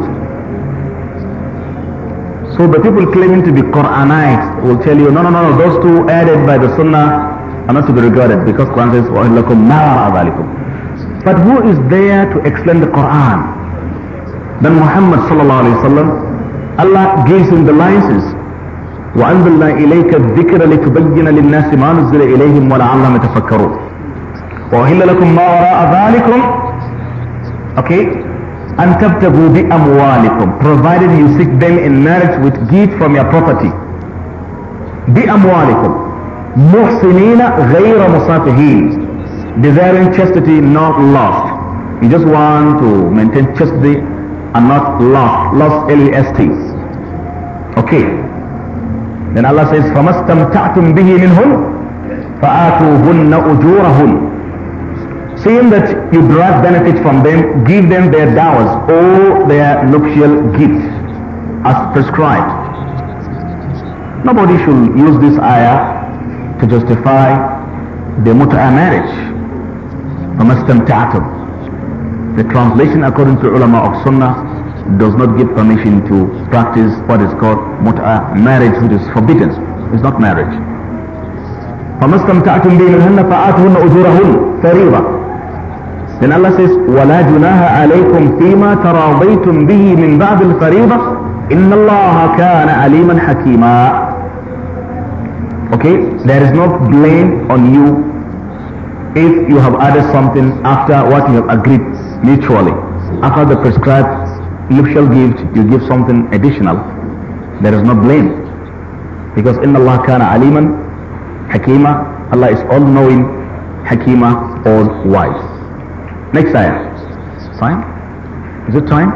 So the people claiming to be Quranites will tell you, no, no, no, no, those two added by the Sunnah are not to be regarded because Quran says, وَإِلَّكُمْ مَا But who is there to explain the Quran? Then Muhammad sallallahu alayhi wa sallam, Allah gives him the license. وَأَنزِلْنَا إِلَيْكَ الذِّكْرَ لِتُبَيِّنَ لِلنَّاسِ مَا نُزِّلَ إِلَيْهِمْ وَلَعَلَّهُمْ يَتَفَكَّرُونَ وَأُحِلَّ لَكُم مَّا وَرَاءَ ذَلِكُمْ Okay? أَن تَبْتَغُوا بِأَمْوَالِكُمْ Provided you seek them in marriage with gift from your property. بِأَمْوَالِكُمْ مُحْسِنِينَ غَيْرَ مُصَافِحِينَ desiring chastity not lust. You just want to maintain chastity and not lust. Lust L-U-S-T. Okay. Then Allah says, فَمَسْتَمْتَعْتُمْ بِهِ مِنْهُمْ فَآتُوهُنَّ أُجُورَهُنْ Seeing that you draw benefit from them, give them their dowers or their nuptial gifts as prescribed. Nobody should use this ayah to justify the muta'a marriage. فما استمتعتم the translation according to ulama of sunnah does not give permission to practice what is called mut'ah, marriage which is forbidden. It's not marriage. فما استمتعتم بينهن فآتهن أجورهن فريضة. Then Allah says, ولا جناها عليكم فيما تراضيتم به من بعد الفريضة إن الله كان عليما حكيما. Okay, there is no blame on you if you have added something after what you have agreed mutually. After the prescribed nuptial gift, you give something additional. There is no blame. Because in Allah kana aliman, hakima, Allah is all knowing, hakima, all wise. Next ayah. Time? Is it time?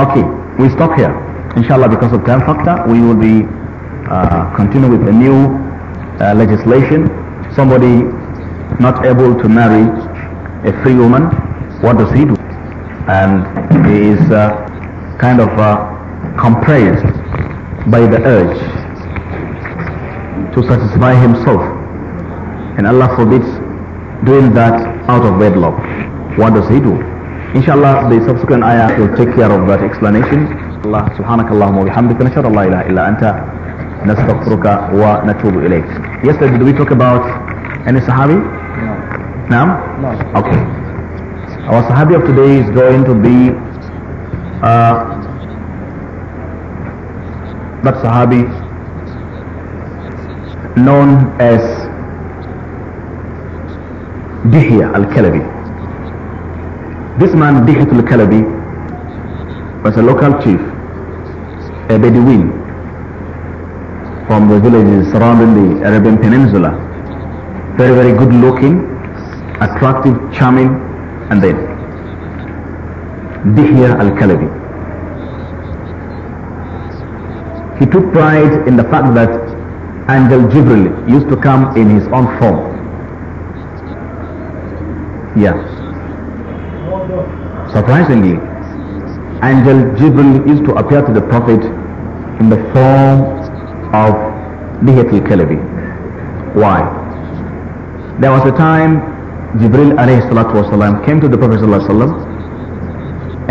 Okay, we stop here. Inshallah, because of time factor, we will be uh, continue with the new uh, legislation. Somebody not able to marry a free woman, what does he do? And he is uh, kind of uh, compressed by the urge to satisfy himself. And Allah forbids doing that out of wedlock. What does he do? Inshallah, the subsequent ayah will take care of that explanation. Allah subhanakallahumma wa bihamdika nashhadu an la ilaha illa anta نستغفرك ونتوب إليك yesterday did we talk about any Sahabi? no no? okay our Sahabi of today is going to be uh, that Sahabi known as Dihya al-Kalabi this man Dihya al-Kalabi was a local chief a Bedouin from the villages surrounding the Arabian Peninsula. Very, very good looking, attractive, charming, and then Dihya al-Kalabi. He took pride in the fact that Angel Jibril used to come in his own form. Yeah. Surprisingly, Angel Jibril used to appear to the Prophet in the form of Dihat al-Kalabi. Why? There was a time Jibril alayhi came to the Prophet sallallahu wasallam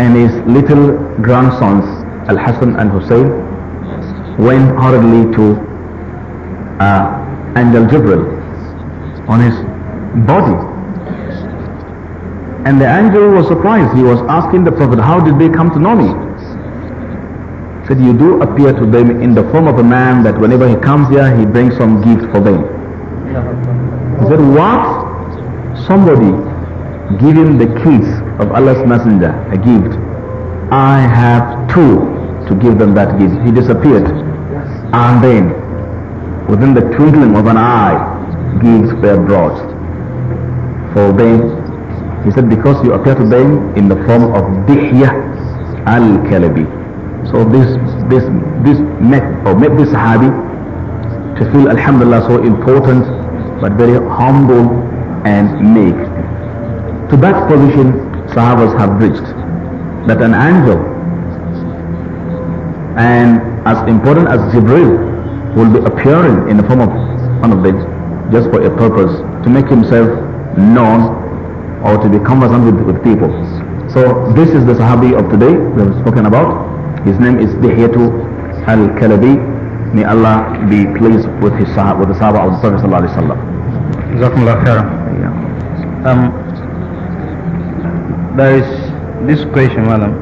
and his little grandsons al Hassan and Hussein went hurriedly to uh, Angel Jibril on his body. And the angel was surprised. He was asking the Prophet, how did they come to know me? that you do appear to them in the form of a man that whenever he comes here, he brings some gift for them. He said, what? Somebody give him the keys of Allah's messenger, a gift. I have two to give them that gift. He disappeared. And then, within the twinkling of an eye, gifts were brought for them. He said, because you appear to them in the form of Dihya al-Kalabi. So this, this, this make, or make this Sahabi to feel Alhamdulillah so important but very humble and meek. To that position Sahabas have reached that an angel and as important as Jibril will be appearing in the form of one of them just for a purpose to make himself known or to be conversant with, with people. So this is the Sahabi of today we have spoken about. His name is Dihyatul Al-Kalabi. May Allah be pleased with his sahab, with the Sahaba of the Prophet Sallallahu Alaihi Wasallam. Jazakumullah um, there is this question, madam.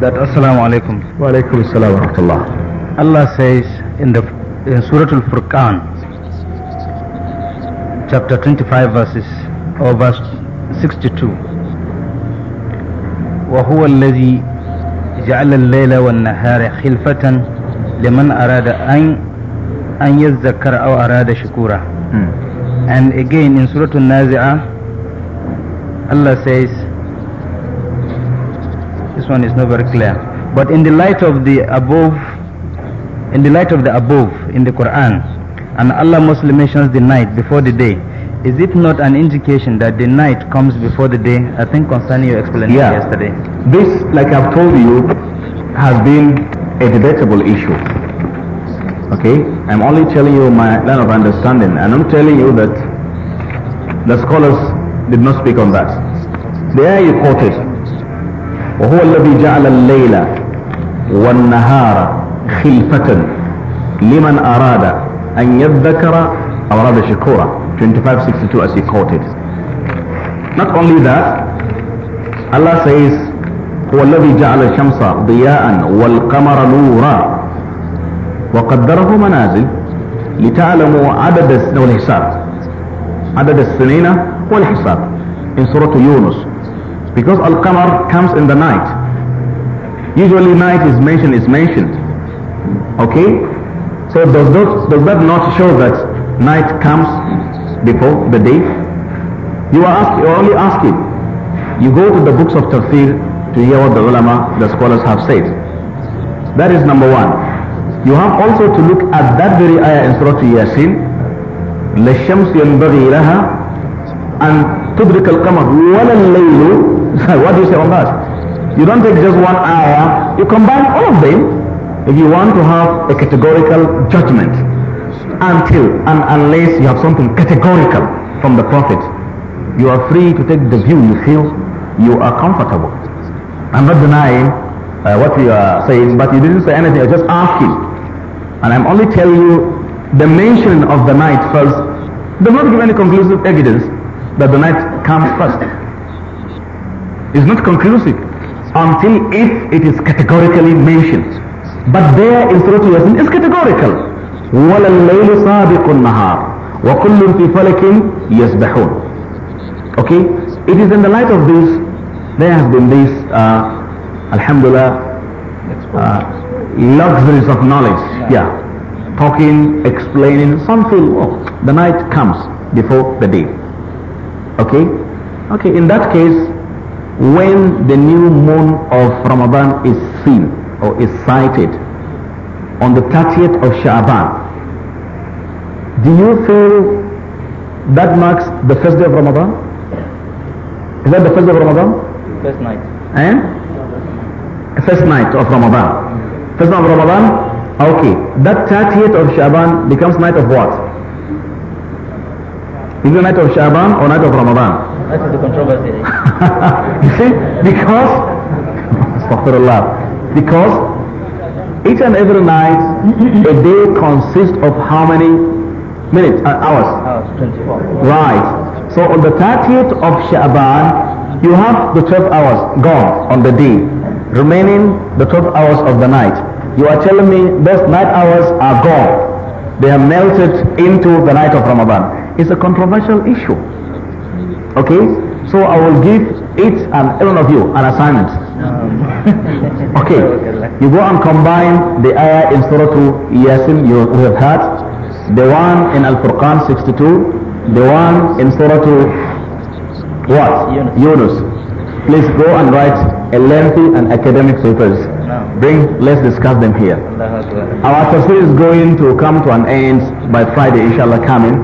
That Assalamu alaikum. Wa alaikum assalam wa rahmatullah. Allah says in the in Surah Al-Furqan, chapter 25 verses, or verse 62, وَهُوَ الَّذِي جعل الليل والنهار خلفة لمن أراد أن أن يذكر أو أراد شكورا mm. and again in Surah al Allah says this one is not very clear but in the light of the above in the light of the above in the Quran and Allah mostly mentions the night before the day is it not an indication that the night comes before the day? I think concerning your explanation yeah. yesterday. This, like I've told you, has been a debatable issue. Okay? I'm only telling you my line of understanding, and I'm telling you that the scholars did not speak on that. There you it. وهو الذي جعل الليل والنهار خلفة لمن أراد أن يذكر أو أراد شكورا 2562 as he quoted. Not only that, Allah says, هو جعل الشمس ضياء والقمر نورا وقدره منازل لتعلموا عدد السنة والحساب عدد السنين والحساب in Surah Yunus because Al-Qamar comes in the night usually night is mentioned is mentioned okay so does that, does that not show that night comes before the day? You are you are only asking. You go to the books of tafsir to hear what the ulama, the scholars have said. That is number one. You have also to look at that very ayah in Surah Yasin. لَلشَّمْسِ يَنْبَغِي لَهَا أَنْ تُدْرِكَ الْقَمَرُ وَلَا اللَّيْلُ [laughs] What do you say on that? You don't take just one ayah. You combine all of them if you want to have a categorical judgment until and unless you have something categorical from the Prophet, you are free to take the view you feel you are comfortable. I'm not denying uh, what you are saying, but you didn't say anything. I just asking, and I'm only telling you the mention of the night first does not give any conclusive evidence that the night comes first. It's not conclusive until if it is categorically mentioned. But there in Surah Yasin is categorical. وَلَلَّيْلُ سَابِقُ النَّهَارِ وَكُلٌّ فِي فَلَكٍ يَسْبَحُونَ Okay, it is in the light of this, there has been this, uh, alhamdulillah, uh, luxuries of knowledge. Yeah, talking, explaining, some feel, oh, the night comes before the day. Okay, okay, in that case, when the new moon of Ramadan is seen or is sighted on the 30th of Sha'ban, do you feel that marks the first day of Ramadan? Is that the first day of Ramadan? First night. Eh? First night of Ramadan. First night of Ramadan? Okay. That 30th of Shaban becomes night of what? Is it night of Shaban or night of Ramadan? That is the controversy. [laughs] you see? Because, astaghfirullah, because each and every night a day consists of how many minutes, uh, hours. Hours, 24. Right. So on the 30th of Sha'ban, you have the 12 hours gone on the day, remaining the 12 hours of the night. You are telling me those night hours are gone. They are melted into the night of Ramadan. It's a controversial issue. Okay? So I will give each and every one of you an assignment. Um. [laughs] [laughs] okay. You go and combine the ayah in Surah 2 Yasin you have heard. The one in Al-Furqan 62, the one in Surah to what? Yunus. Please go and write a lengthy and academic papers. No. Bring, let's discuss them here. Our tafsir is going to come to an end by Friday, inshallah, coming.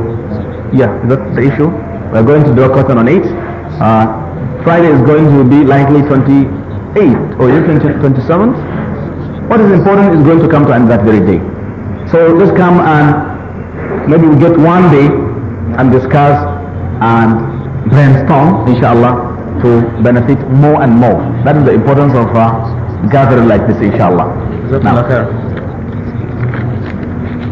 Yeah, that's the issue. We're going to draw curtain on it. Uh, Friday is going to be likely 28 or 20, 27th. What is important is going to come to end that very day. So just come and Maybe we get one day and discuss and brainstorm, inshallah, to benefit more and more. That is the importance of a uh, gathering like this, inshallah.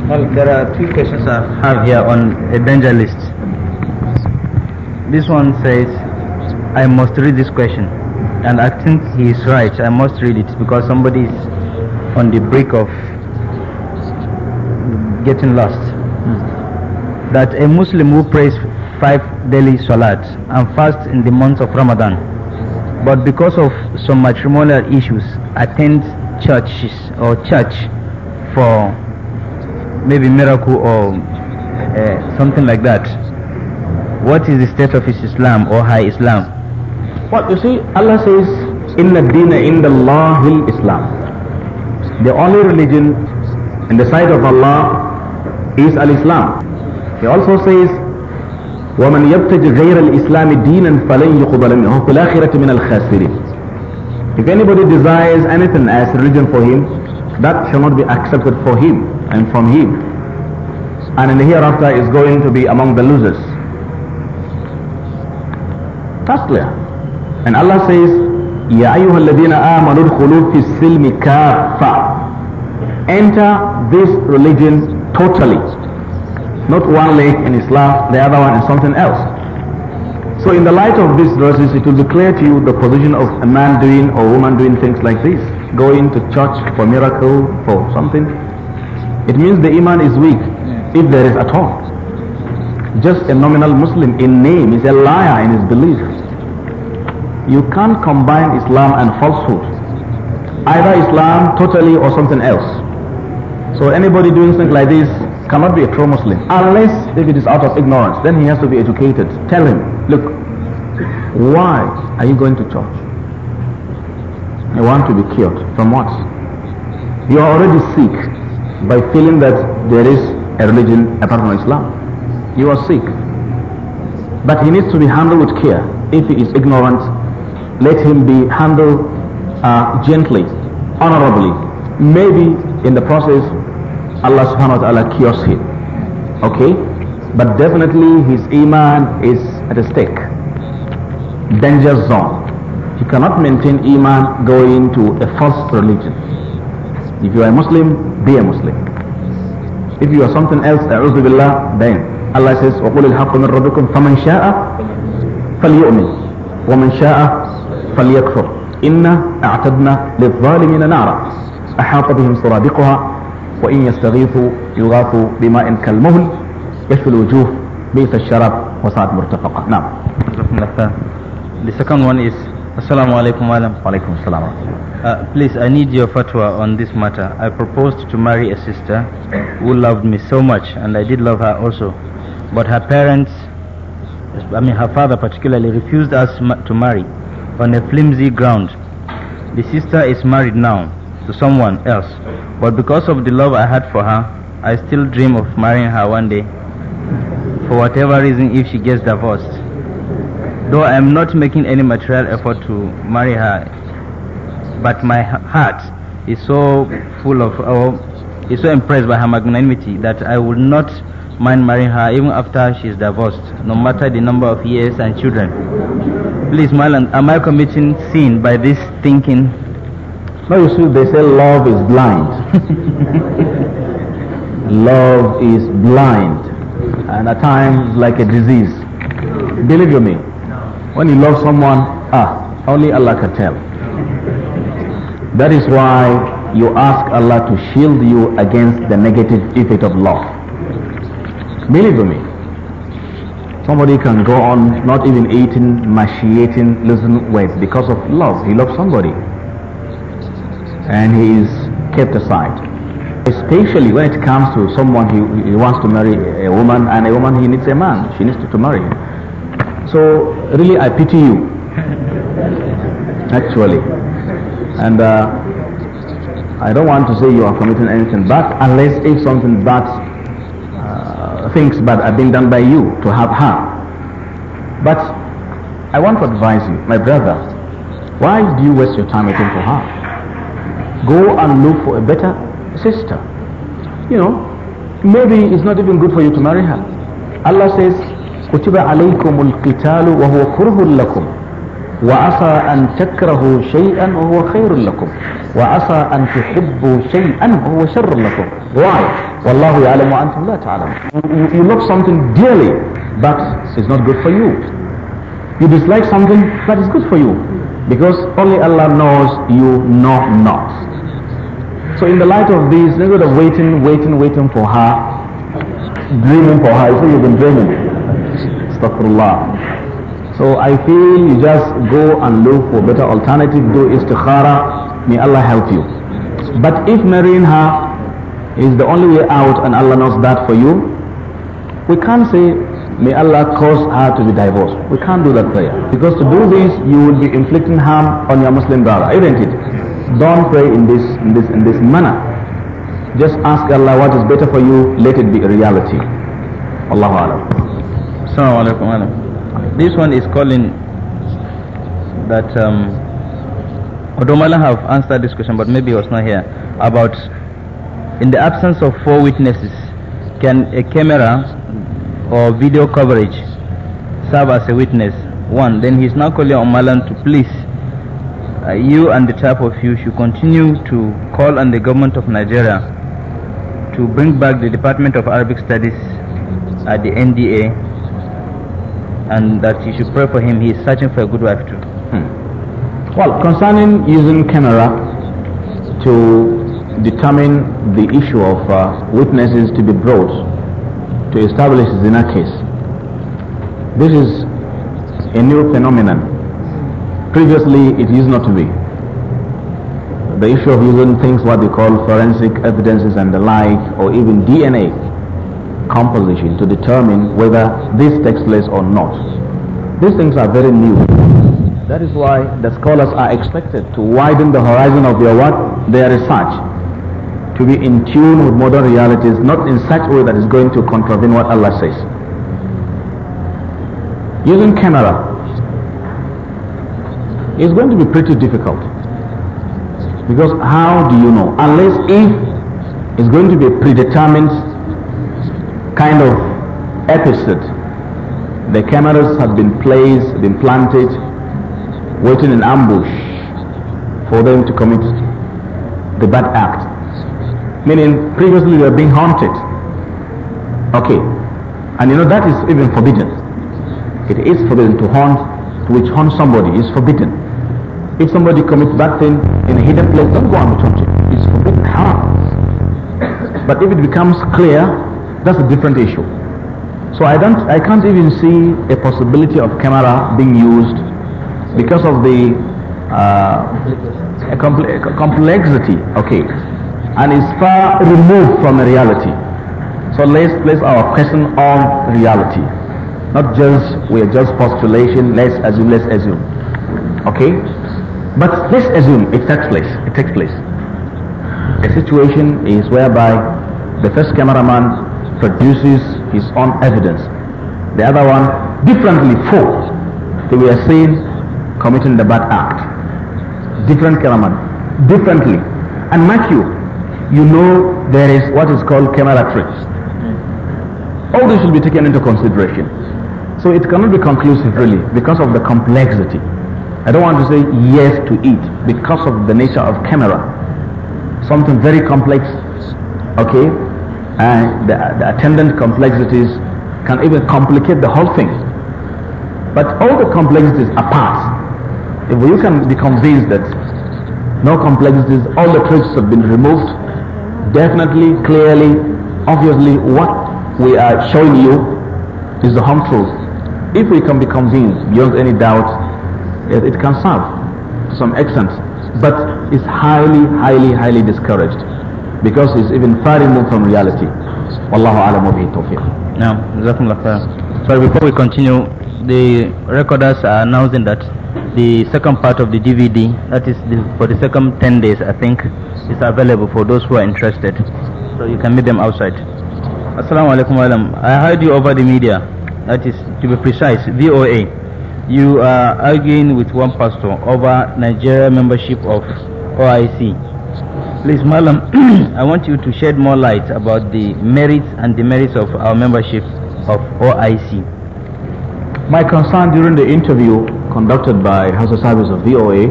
Well, there are two questions I have here on evangelists. This one says, I must read this question. And I think he is right. I must read it because somebody is on the brink of getting lost that a Muslim who prays five daily salats and fasts in the month of Ramadan, but because of some matrimonial issues, attends churches or church for maybe miracle or uh, something like that. What is the state of his Islam or high Islam? What you see, Allah says, in the dina the Allahil Islam." The only religion in the sight of Allah is al-Islam. He also says, ومن يبتج غير الإسلام دينا فلن يقبل منه في الآخرة من الخاسرين If anybody desires anything as religion for him, that shall not be accepted for him and from him. And in the hereafter is going to be among the losers. That's clear. And Allah says, يا أيها الذين آمنوا ادخلوا في السلم كافة. Enter this religion totally. Not one leg in Islam, the other one in something else. So in the light of these verses, it will be clear to you the position of a man doing or woman doing things like this. Going to church for miracle, for something. It means the iman is weak, if there is at all. Just a nominal Muslim in name is a liar in his belief. You can't combine Islam and falsehood. Either Islam totally or something else. So anybody doing something like this cannot be a pro-Muslim unless if it is out of ignorance. Then he has to be educated. Tell him, look, why are you going to church? I want to be cured. From what? You are already sick by feeling that there is a religion apart from Islam. You are sick. But he needs to be handled with care. If he is ignorant, let him be handled uh, gently, honorably. Maybe in the process Allah subhanahu wa ta'ala cures him. Okay? But definitely his iman is at stake. Danger zone. He cannot maintain iman going to a false religion. If you are a Muslim, be a Muslim. If you are something else, a'udhu billah, then Allah says, وَقُلِ الْحَقُّ مِنْ رَبِّكُمْ فَمَنْ شَاءَ فَلْيُؤْمِنْ وَمَنْ شَاءَ فَلْيَكْفُرْ إِنَّا أَعْتَدْنَا لِلظَّالِمِينَ نَارًا أحاط بهم سرادقها وإن يستغيثوا يغاثوا بماء كالمهل يشفي الوجوه مرتفقة نعم The second one is Assalamu alaikum wa alaikum assalam uh, Please I need your fatwa on this matter I proposed to marry a sister who loved me so much and I did love her also but her parents I mean her father particularly refused us to marry on a flimsy ground the sister is married now to someone else but because of the love I had for her, I still dream of marrying her one day. For whatever reason, if she gets divorced. Though I am not making any material effort to marry her, but my heart is so full of, oh, is so impressed by her magnanimity that I would not mind marrying her even after she is divorced, no matter the number of years and children. Please, Marlon, am I committing sin by this thinking now you see, they say love is blind. [laughs] love is blind. And at times, like a disease. Believe you me, when you love someone, ah, only Allah can tell. That is why you ask Allah to shield you against the negative effect of love. Believe you me, somebody can go on not even eating, machiating, losing weight because of love. He loves somebody and he is kept aside. Especially when it comes to someone he, he wants to marry a woman and a woman he needs a man. She needs to, to marry him. So really I pity you. [laughs] Actually. And uh, I don't want to say you are committing anything but unless if something bad uh, things bad are being done by you to have her. But I want to advise you, my brother, why do you waste your time waiting for her? Go and look for a better sister. You know, maybe it's not even good for you to marry her. Allah says, كتب عليكم القتال وهو كره لكم وعسى أن تكرهوا شيئا وهو خير لكم وعسى أن تحبوا شيئا وهو شر لكم why والله يعلم وأنتم لا تعلم you, you love something dearly but it's not good for you you dislike something that is good for you because only Allah knows you know not so in the light of this, instead of waiting, waiting, waiting for her, dreaming for her, you say you've been dreaming. Astaghfirullah. So I feel you just go and look for better alternative, do istikhara, may Allah help you. But if marrying her is the only way out and Allah knows that for you, we can't say, may Allah cause her to be divorced. We can't do that prayer. Because to do this, you will be inflicting harm on your Muslim brother, isn't it? Don't pray in this, in this, in this manner. Just ask Allah what is better for you. Let it be a reality. Allahu Alam. Assalamu alaikum. This one is calling that um, Odomala have answered this question, but maybe he was not here. About in the absence of four witnesses, can a camera or video coverage serve as a witness? One. Then he's now calling on Malan to please uh, you and the type of you should continue to call on the government of Nigeria to bring back the Department of Arabic Studies at the NDA and that you should pray for him. He is searching for a good wife too. Hmm. Well, concerning using camera to determine the issue of uh, witnesses to be brought to establish Zina case, this is a new phenomenon previously it used not to be. The issue of using things what they call forensic evidences and the like, or even DNA composition to determine whether this takes place or not. These things are very new. That is why the scholars are expected to widen the horizon of their work, their research, to be in tune with modern realities, not in such a way that is going to contravene what Allah says. Using camera it's going to be pretty difficult. Because how do you know? Unless if it's going to be a predetermined kind of episode. The cameras have been placed, been planted, waiting in ambush for them to commit the bad act. Meaning previously they were being haunted. Okay. And you know that is even forbidden. It is forbidden to haunt, to which haunt somebody is forbidden. If somebody commits bad sin in a hidden place, don't go and touch it. It's forbidden haram. But if it becomes clear, that's a different issue. So I don't, I can't even see a possibility of camera being used because of the uh, compl complexity. Okay, and it's far removed from reality. So let's place our question on reality, not just we're just postulation. Let's assume, let's assume. Okay. But let's assume it takes place. It takes place. The situation is whereby the first cameraman produces his own evidence. The other one differently falls. They were seen committing the bad act. Different cameraman, differently. And mark you, you know there is what is called camera tricks. All this should be taken into consideration. So it cannot be conclusive really because of the complexity. I don't want to say yes to it because of the nature of camera. Something very complex, okay? And the, the attendant complexities can even complicate the whole thing. But all the complexities apart, if you can be convinced that no complexities, all the traces have been removed, definitely, clearly, obviously, what we are showing you is the home truth. If we can be convinced beyond any doubt it can serve to some extent, but it's highly, highly, highly discouraged because it's even far removed from reality. Wallahu alam wa bihi tawfiq. Now, So before we continue, the recorders are announcing that the second part of the DVD, that is the, for the second 10 days, I think, is available for those who are interested. So you can meet them outside. Assalamu alaikum I heard you over the media, that is to be precise, VOA you are arguing with one pastor over Nigeria membership of OIC. Please, Malam, [clears throat] I want you to shed more light about the merits and demerits of our membership of OIC. My concern during the interview conducted by House of Service of VOA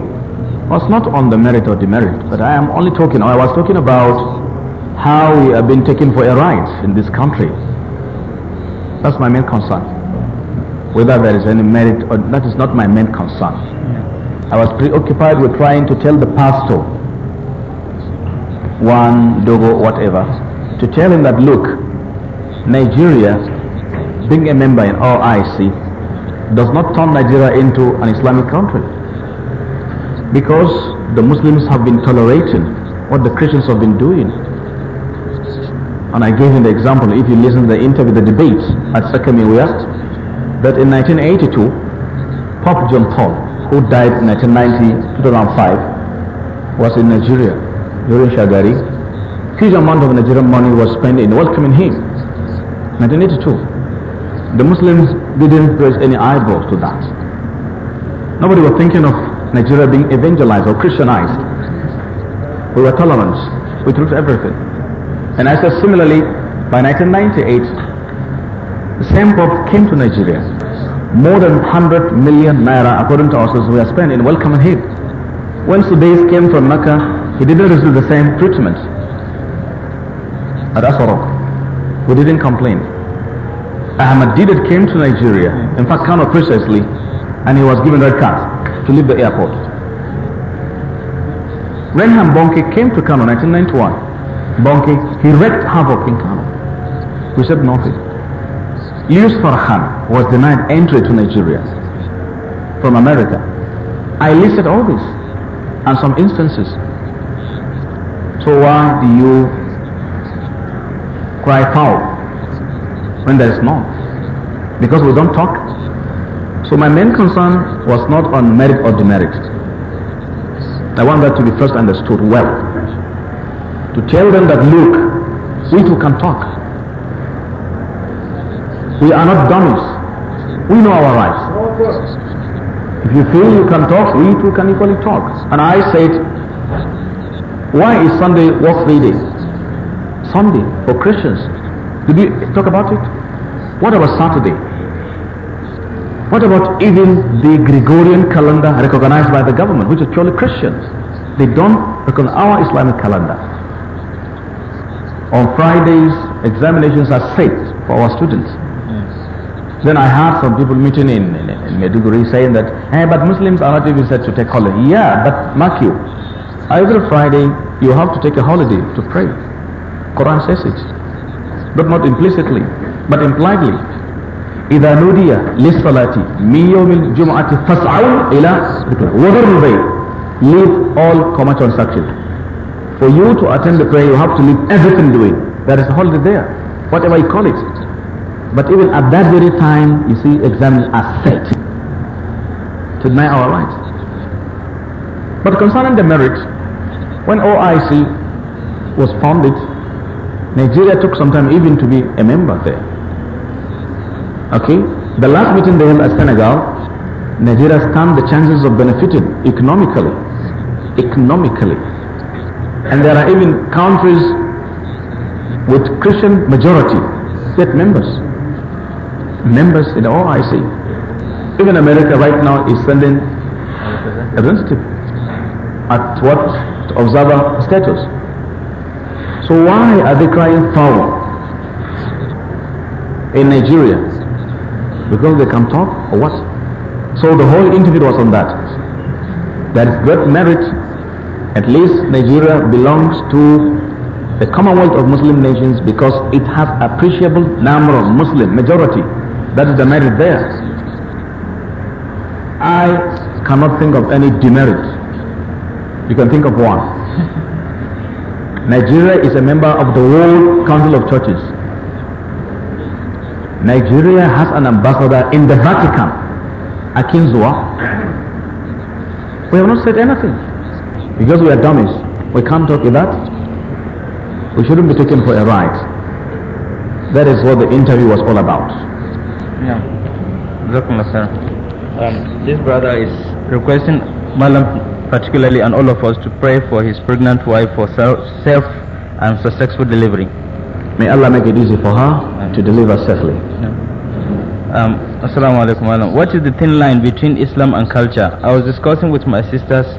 was not on the merit or demerit, but I am only talking, I was talking about how we have been taken for a ride in this country. That's my main concern whether there is any merit or that is not my main concern. I was preoccupied with trying to tell the pastor, one, Dogo, whatever, to tell him that look, Nigeria, being a member in OIC, does not turn Nigeria into an Islamic country. Because the Muslims have been tolerating what the Christians have been doing. And I gave him the example, if you listen to the interview, the debate at Sakami, where that in 1982, Pope John Paul, who died in 1990, 2005, was in Nigeria during Shagari. Huge amount of Nigerian money was spent in welcoming him. 1982. The Muslims didn't raise any eyebrows to that. Nobody was thinking of Nigeria being evangelized or Christianized. We were tolerant. We took everything. And I said similarly, by 1998, same boat came to Nigeria. More than 100 million naira, according to our sources, were spent in welcoming him. When Sudais came from Mecca, he didn't receive the same treatment at Asarok. We didn't complain. Ahmad came to Nigeria, in fact, Kano precisely, and he was given red card to leave the airport. Renham Bonke came to Kano in 1991. Bonke, he wreaked havoc in Kano. We said nothing. Liu Farhan was denied entry to Nigeria from America. I listed all this and some instances. So why do you cry foul when there is none? Because we don't talk. So my main concern was not on merit or demerit. I want that to be first understood well. To tell them that look, we too can talk. We are not dummies. We know our rights. If you feel you can talk, we too can equally talk. And I said, why is Sunday work free day? Sunday for Christians. Did we talk about it? What about Saturday? What about even the Gregorian calendar recognized by the government, which is purely Christians? They don't recognize our Islamic calendar. On Fridays, examinations are set for our students. Then I heard some people meeting in, in, saying that, hey, eh, but Muslims are not even said to take holiday. Yeah, but mark you, every Friday you have to take a holiday to pray. Quran says it. But not implicitly, but impliedly. إذا نودي للصلاة من يوم الجمعة فاسعوا إلى وذروا البيت leave all commercial transaction for you to attend the prayer you have to leave everything doing there is a holiday there whatever you call it but even at that very time, you see, examines are set to deny our rights. But concerning the merits, when OIC was founded, Nigeria took some time even to be a member there. Okay, the last meeting they held at Senegal, Nigeria stamped the chances of benefiting economically, economically, and there are even countries with Christian majority state members members in the OIC. Even America right now is sending a representative at what observer status. So why are they crying foul in Nigeria? Because they can talk or what? So the whole interview was on that. That is great merit. At least Nigeria belongs to the Commonwealth of Muslim Nations because it has appreciable number of Muslim majority that's the merit there. I cannot think of any demerit. You can think of one. [laughs] Nigeria is a member of the World Council of Churches. Nigeria has an ambassador in the Vatican, Akinzua. We have not said anything because we are dummies. We can't talk with that. We shouldn't be taken for a ride. That is what the interview was all about. Yeah. Um, this brother is requesting Malam particularly and all of us to pray for his pregnant wife for safe and successful delivery. May Allah make it easy for her to deliver safely. Um, Assalamu alaikum What is the thin line between Islam and culture? I was discussing with my sisters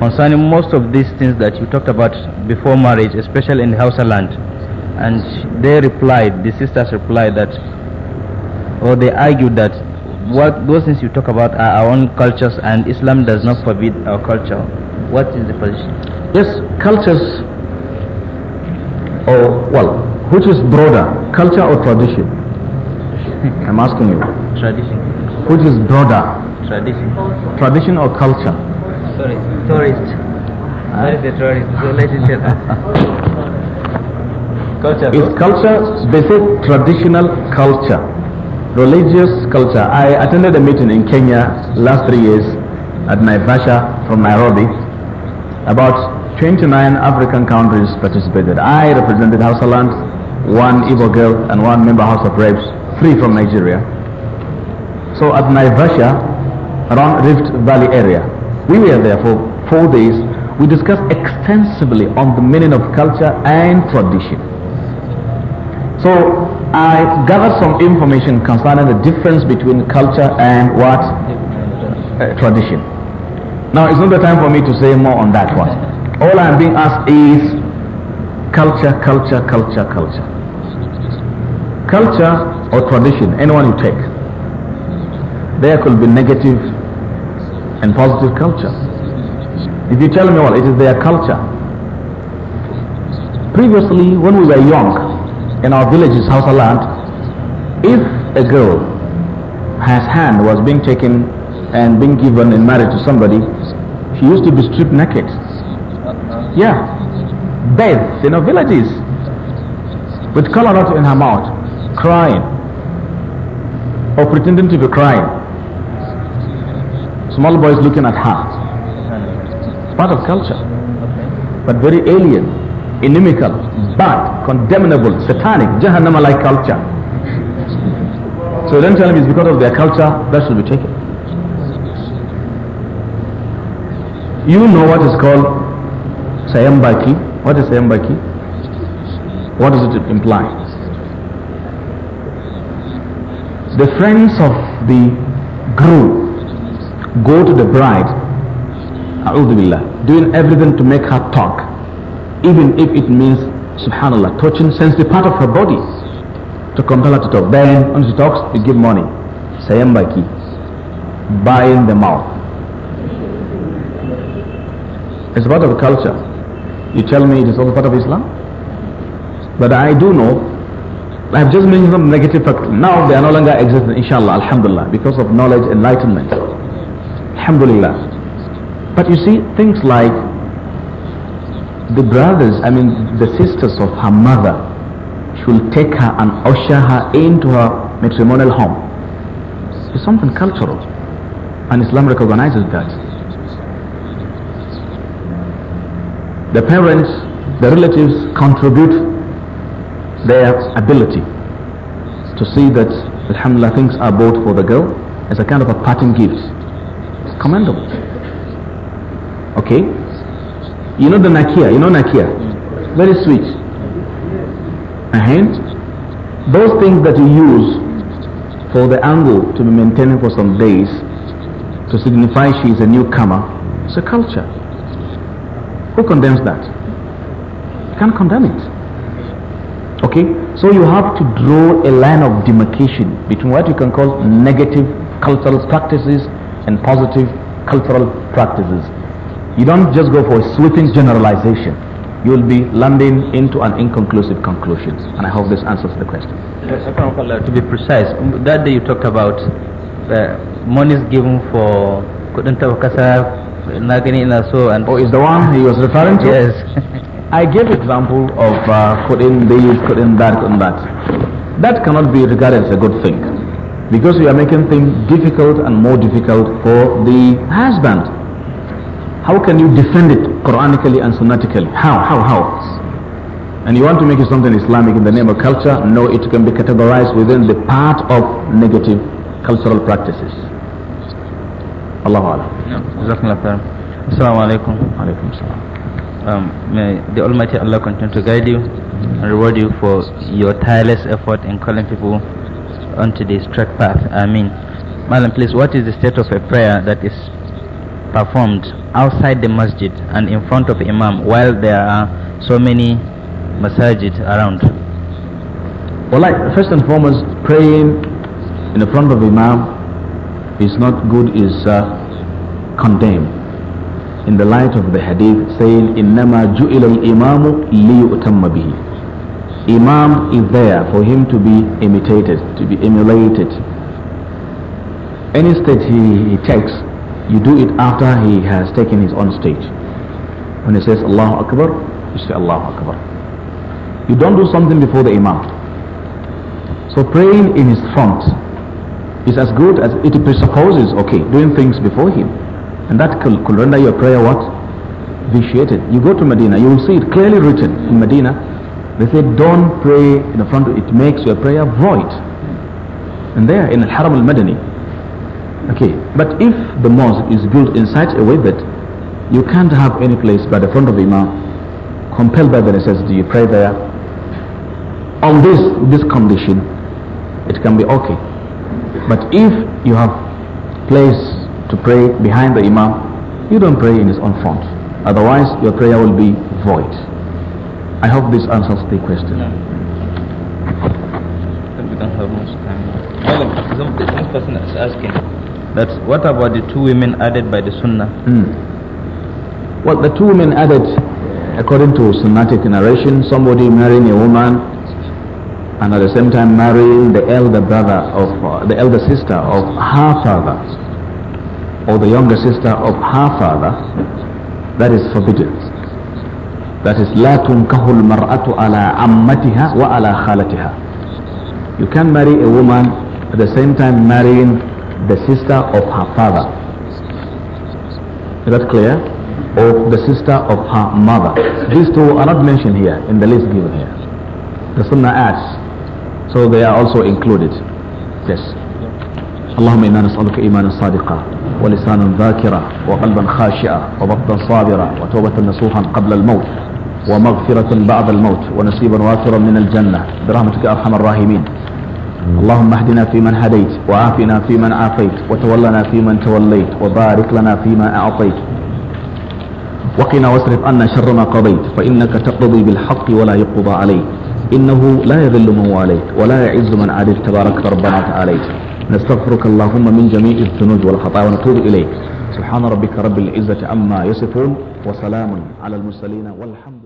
concerning most of these things that you talked about before marriage, especially in Hausa land. And they replied, the sisters replied that or they argue that what those things you talk about are our own cultures and Islam does not forbid our culture. What is the position? Yes, cultures, or well, which is broader, culture or tradition? [laughs] I'm asking you. Tradition. Which is broader? Tradition. Tradition or culture? Sorry, tourist. Huh? the tourist. So let [laughs] Culture. It's culture. They say traditional culture religious culture. I attended a meeting in Kenya last three years at Naivasha from Nairobi. About 29 African countries participated. I represented Land, one Igbo girl, and one member House of Reps, three from Nigeria. So at Naivasha, around Rift Valley area, we were there for four days. We discussed extensively on the meaning of culture and tradition. So I gathered some information concerning the difference between culture and what? Uh, tradition. Now, it's not the time for me to say more on that one. All I'm being asked is culture, culture, culture, culture. Culture or tradition, anyone you take. There could be negative and positive culture. If you tell me, well, it is their culture. Previously, when we were young, in our villages, Hausa land, if a girl, has hand was being taken and being given in marriage to somebody, she used to be stripped naked. Yeah, bathed in our villages with color not in her mouth, crying or pretending to be crying. Small boys looking at her. It's part of culture, but very alien, inimical, but condemnable, satanic, Jahannama-like culture. So don't tell me it's because of their culture that should be taken. You know what is called Sayambaki. What is Sayambaki? What does it imply? The friends of the groom go to the bride, billah, doing everything to make her talk, even if it means subhanallah, touching sensitive part of her body to compel her to talk. Then, when she talks, you give money. Sayambaki, buying the mouth. It's part of culture. You tell me it is also part of Islam? But I do know, I have just mentioned some negative factors. Now they are no longer existing, inshallah, alhamdulillah, because of knowledge, enlightenment. Alhamdulillah. But you see, things like the brothers, I mean the sisters of her mother, should take her and usher her into her matrimonial home. It's something cultural, and Islam recognizes that. The parents, the relatives contribute their ability to see that, alhamdulillah, things are bought for the girl as a kind of a parting gift. It's commendable. Okay? You know the nakia, you know nakia? Very sweet. And those things that you use for the angle to be maintained for some days to signify she is a newcomer, it's a culture. Who condemns that? You can't condemn it. Okay? So you have to draw a line of demarcation between what you can call negative cultural practices and positive cultural practices. You don't just go for a sweeping generalization. You'll be landing into an inconclusive conclusion. And I hope this answers the question. To be precise, that day you talked about uh, monies given for kudin tabakasa na and oh is the one he was referring to yes [laughs] i gave example of uh, the this kudin that kudin that that cannot be regarded as a good thing because we are making things difficult and more difficult for the husband how can you defend it Quranically and Sunnatically? How, how, how? And you want to make it something Islamic in the name of culture? No, it can be categorized within the part of negative cultural practices. Allahu Akbar. Assalamu alaikum. Alaikum um, may the Almighty Allah continue to guide you and reward you for your tireless effort in calling people onto the straight path. I mean, Madam, please, what is the state of a prayer that is performed outside the masjid and in front of imam while there are so many masajid around? Well, like, first and foremost, praying in the front of imam is not good, is uh, condemned. In the light of the hadith saying, إِنَّمَا جُئِلَ الْإِمَامُ لِيُؤْتَمَّ بِهِ Imam is there for him to be imitated, to be emulated. Any state he, he takes, you do it after he has taken his own stage. When he says Allahu Akbar, you say Allahu Akbar. You don't do something before the Imam. So praying in his front is as good as it presupposes, okay, doing things before him. And that could, could render your prayer what? Vitiated. You go to Medina, you will see it clearly written in Medina. They say, don't pray in the front, it makes your prayer void. And there in Al-Haram Al-Madani, Okay, but if the mosque is built in such a way that you can't have any place by the front of the Imam, compelled by the necessity, you pray there. On this this condition, it can be okay. But if you have place to pray behind the Imam, you don't pray in his own front. Otherwise, your prayer will be void. I hope this answers the question. We don't have much time. Madam, one person is asking. That's what about the two women added by the Sunnah? Hmm. Well, the two women added, according to Sunnatic narration, somebody marrying a woman and at the same time marrying the elder brother of uh, the elder sister of her father or the younger sister of her father. That is forbidden. That is لا تنكه المرأة على عمتها وعلى خالتها. You can marry a woman at the same time marrying the sister of her father. Is that clear? Or the sister of her mother. These two are not mentioned here in the list given here. The Sunnah adds, so they are also included. Yes. اللهم إنا نسألك إيمانا صادقا ولسانا ذاكرا وقلبا خاشعا وضبطا صابرا وتوبة نصوحا قبل الموت ومغفرة بعد الموت ونصيبا وافرا من الجنة برحمتك أرحم الراحمين اللهم اهدنا فيمن هديت وعافنا فيمن عافيت وتولنا فيمن توليت وبارك لنا فيما أعطيت وقنا واصرف عنا شر ما قضيت فإنك تقضي بالحق ولا يقضى عليك إنه لا يذل من واليت ولا يعز من عاديت تبارك ربنا وتعاليت نستغفرك اللهم من جميع الذنوب والخطايا ونتوب إليك سبحان ربك رب العزة عما يصفون وسلام على المرسلين والحمد